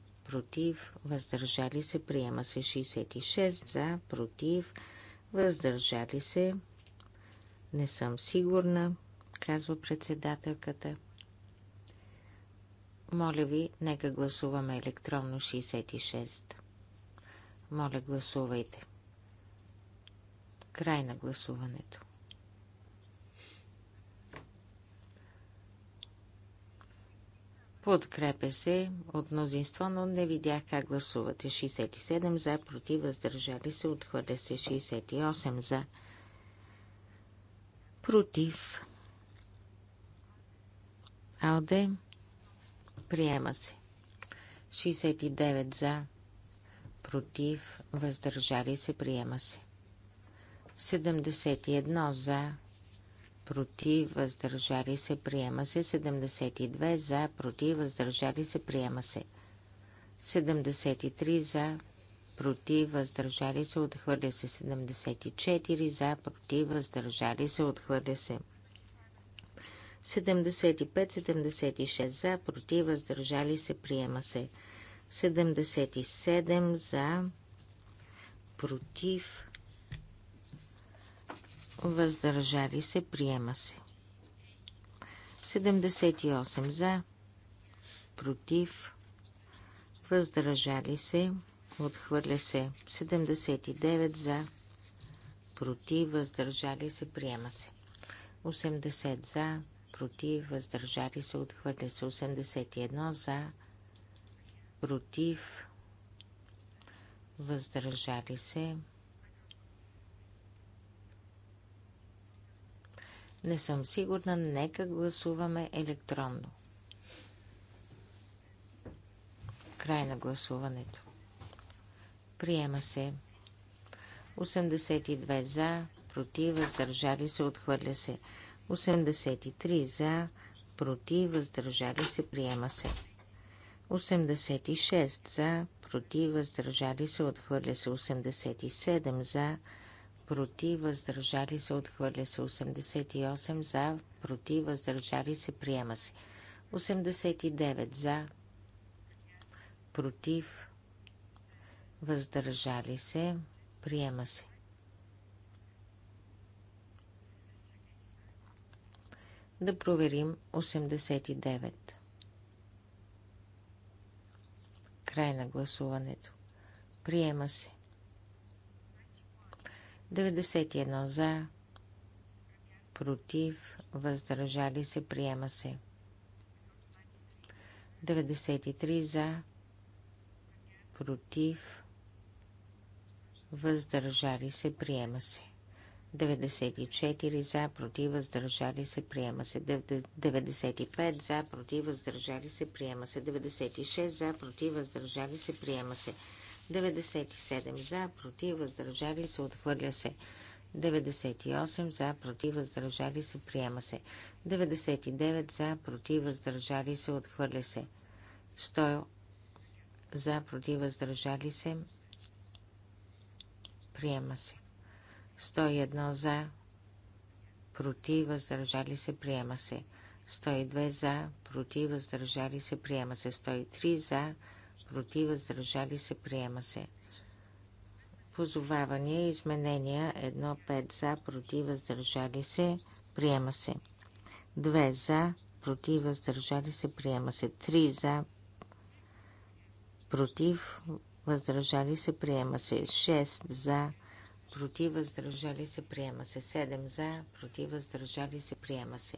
против, въздържали се, приема се 66 за, против, въздържали се. Не съм сигурна, казва председателката. Моля ви, нека гласуваме електронно 66. Моля, гласувайте. Край на гласуването. Подкрепя се от мнозинство, но не видях как гласувате. 67 за, против, въздържали се, отхвърля се 68 за. Против. Алде. Приема се. 69 за. Против. Въздържали се. Приема се. 71 за против, въздържали се, приема се. 72 за, против, въздържали се, приема се. 73 за, против, въздържали се, отхвърля се. 74 за, против, въздържали се, отхвърля се. 75-76 за, против, въздържали се, приема се. 77 за, против, въздържали се, приема се. 78 за, против, въздържали се, отхвърля се. 79 за, против, въздържали се, приема се. 80 за, против, въздържали се, отхвърля се. 81 за, против, въздържали се, се. Не съм сигурна. Нека гласуваме електронно. Край на гласуването. Приема се. 82 за, против, въздържали се, отхвърля се. 83 за, против, въздържали се, приема се. 86 за, против, въздържали се, отхвърля се. 87 за, против, против, въздържали се, отхвърля се. 88 за, против, въздържали се, приема се. 89 за, против, въздържали се, приема се. Да проверим 89. Край на гласуването. Приема се. 91 за, против, въздържали се, приема се. 93 за, против, въздържали се, приема се. 94 за, против, въздържали се, приема се. 95 за, против, въздържали се, приема се. 96 за, против, въздържали се, приема се. 97 за, против, въздържали се, отхвърля се. 98 за, против, въздържали се, приема се. 99 за, против, въздържали се, отхвърля се. 100 за, против, въздържали се, приема се. 101 за, против, въздържали се, приема се. 102 за, против, въздържали се, приема се. 103 за, против, против, въздържали се, приема се. Позовавания, изменения 1-5 за, против, въздържали се, приема се. 2 за, против, въздържали се, приема се. 3 за, против, въздържали се, приема се. 6 за, против, въздържали се, приема се. 7 за, против, въздържали се, приема се.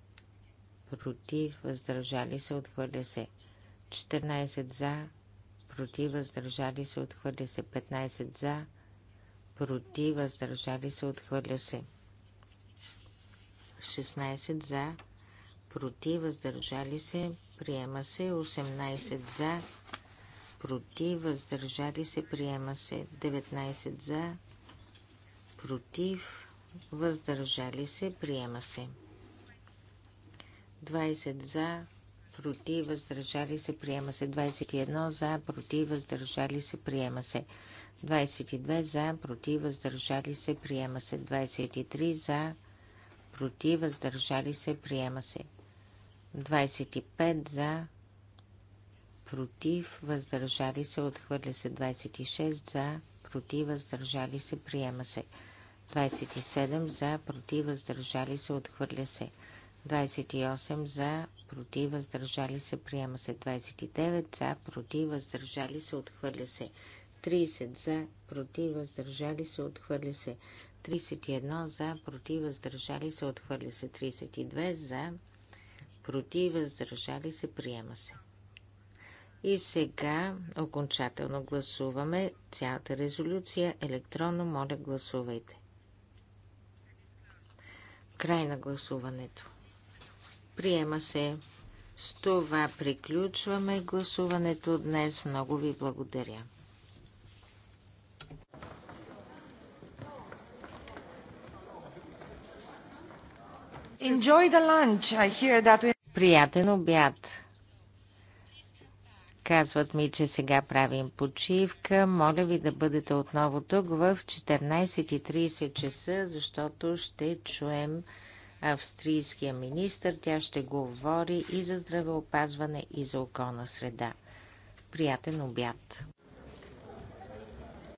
против, въздържали се, отхвърля се. 14 за, против, въздържали се, отхвърля се. 15 за, против, въздържали се, отхвърля се. 16 за, против, въздържали се, приема се. 18 за, против, въздържали се, приема се. 19 за, против, въздържали се, приема се. 20 за, против, въздържали се, приема се. 21 за, против, въздържали се, приема се. 22 за, против, въздържали се, приема се. 23 за, против, въздържали се, приема се. 25 за, против, въздържали се, отхвърля се. 26 за, против, въздържали се, приема се. 27 за, против, въздържали се, отхвърля се. 28 за, против, въздържали се, приема се 29 за, против, въздържали се, отхвърля се 30 за, против, въздържали се, отхвърля се 31 за, против, въздържали се, отхвърля се 32 за, против, въздържали се, приема се. И сега окончателно гласуваме цялата резолюция електронно. Моля, гласувайте. Край на гласуването. Приема се. С това приключваме гласуването днес. Много ви благодаря. Enjoy the lunch. I hear that we... Приятен обяд. Казват ми, че сега правим почивка. Моля ви да бъдете отново тук в 14.30 часа, защото ще чуем австрийския министр. Тя ще говори и за здравеопазване, и за околна среда. Приятен обяд!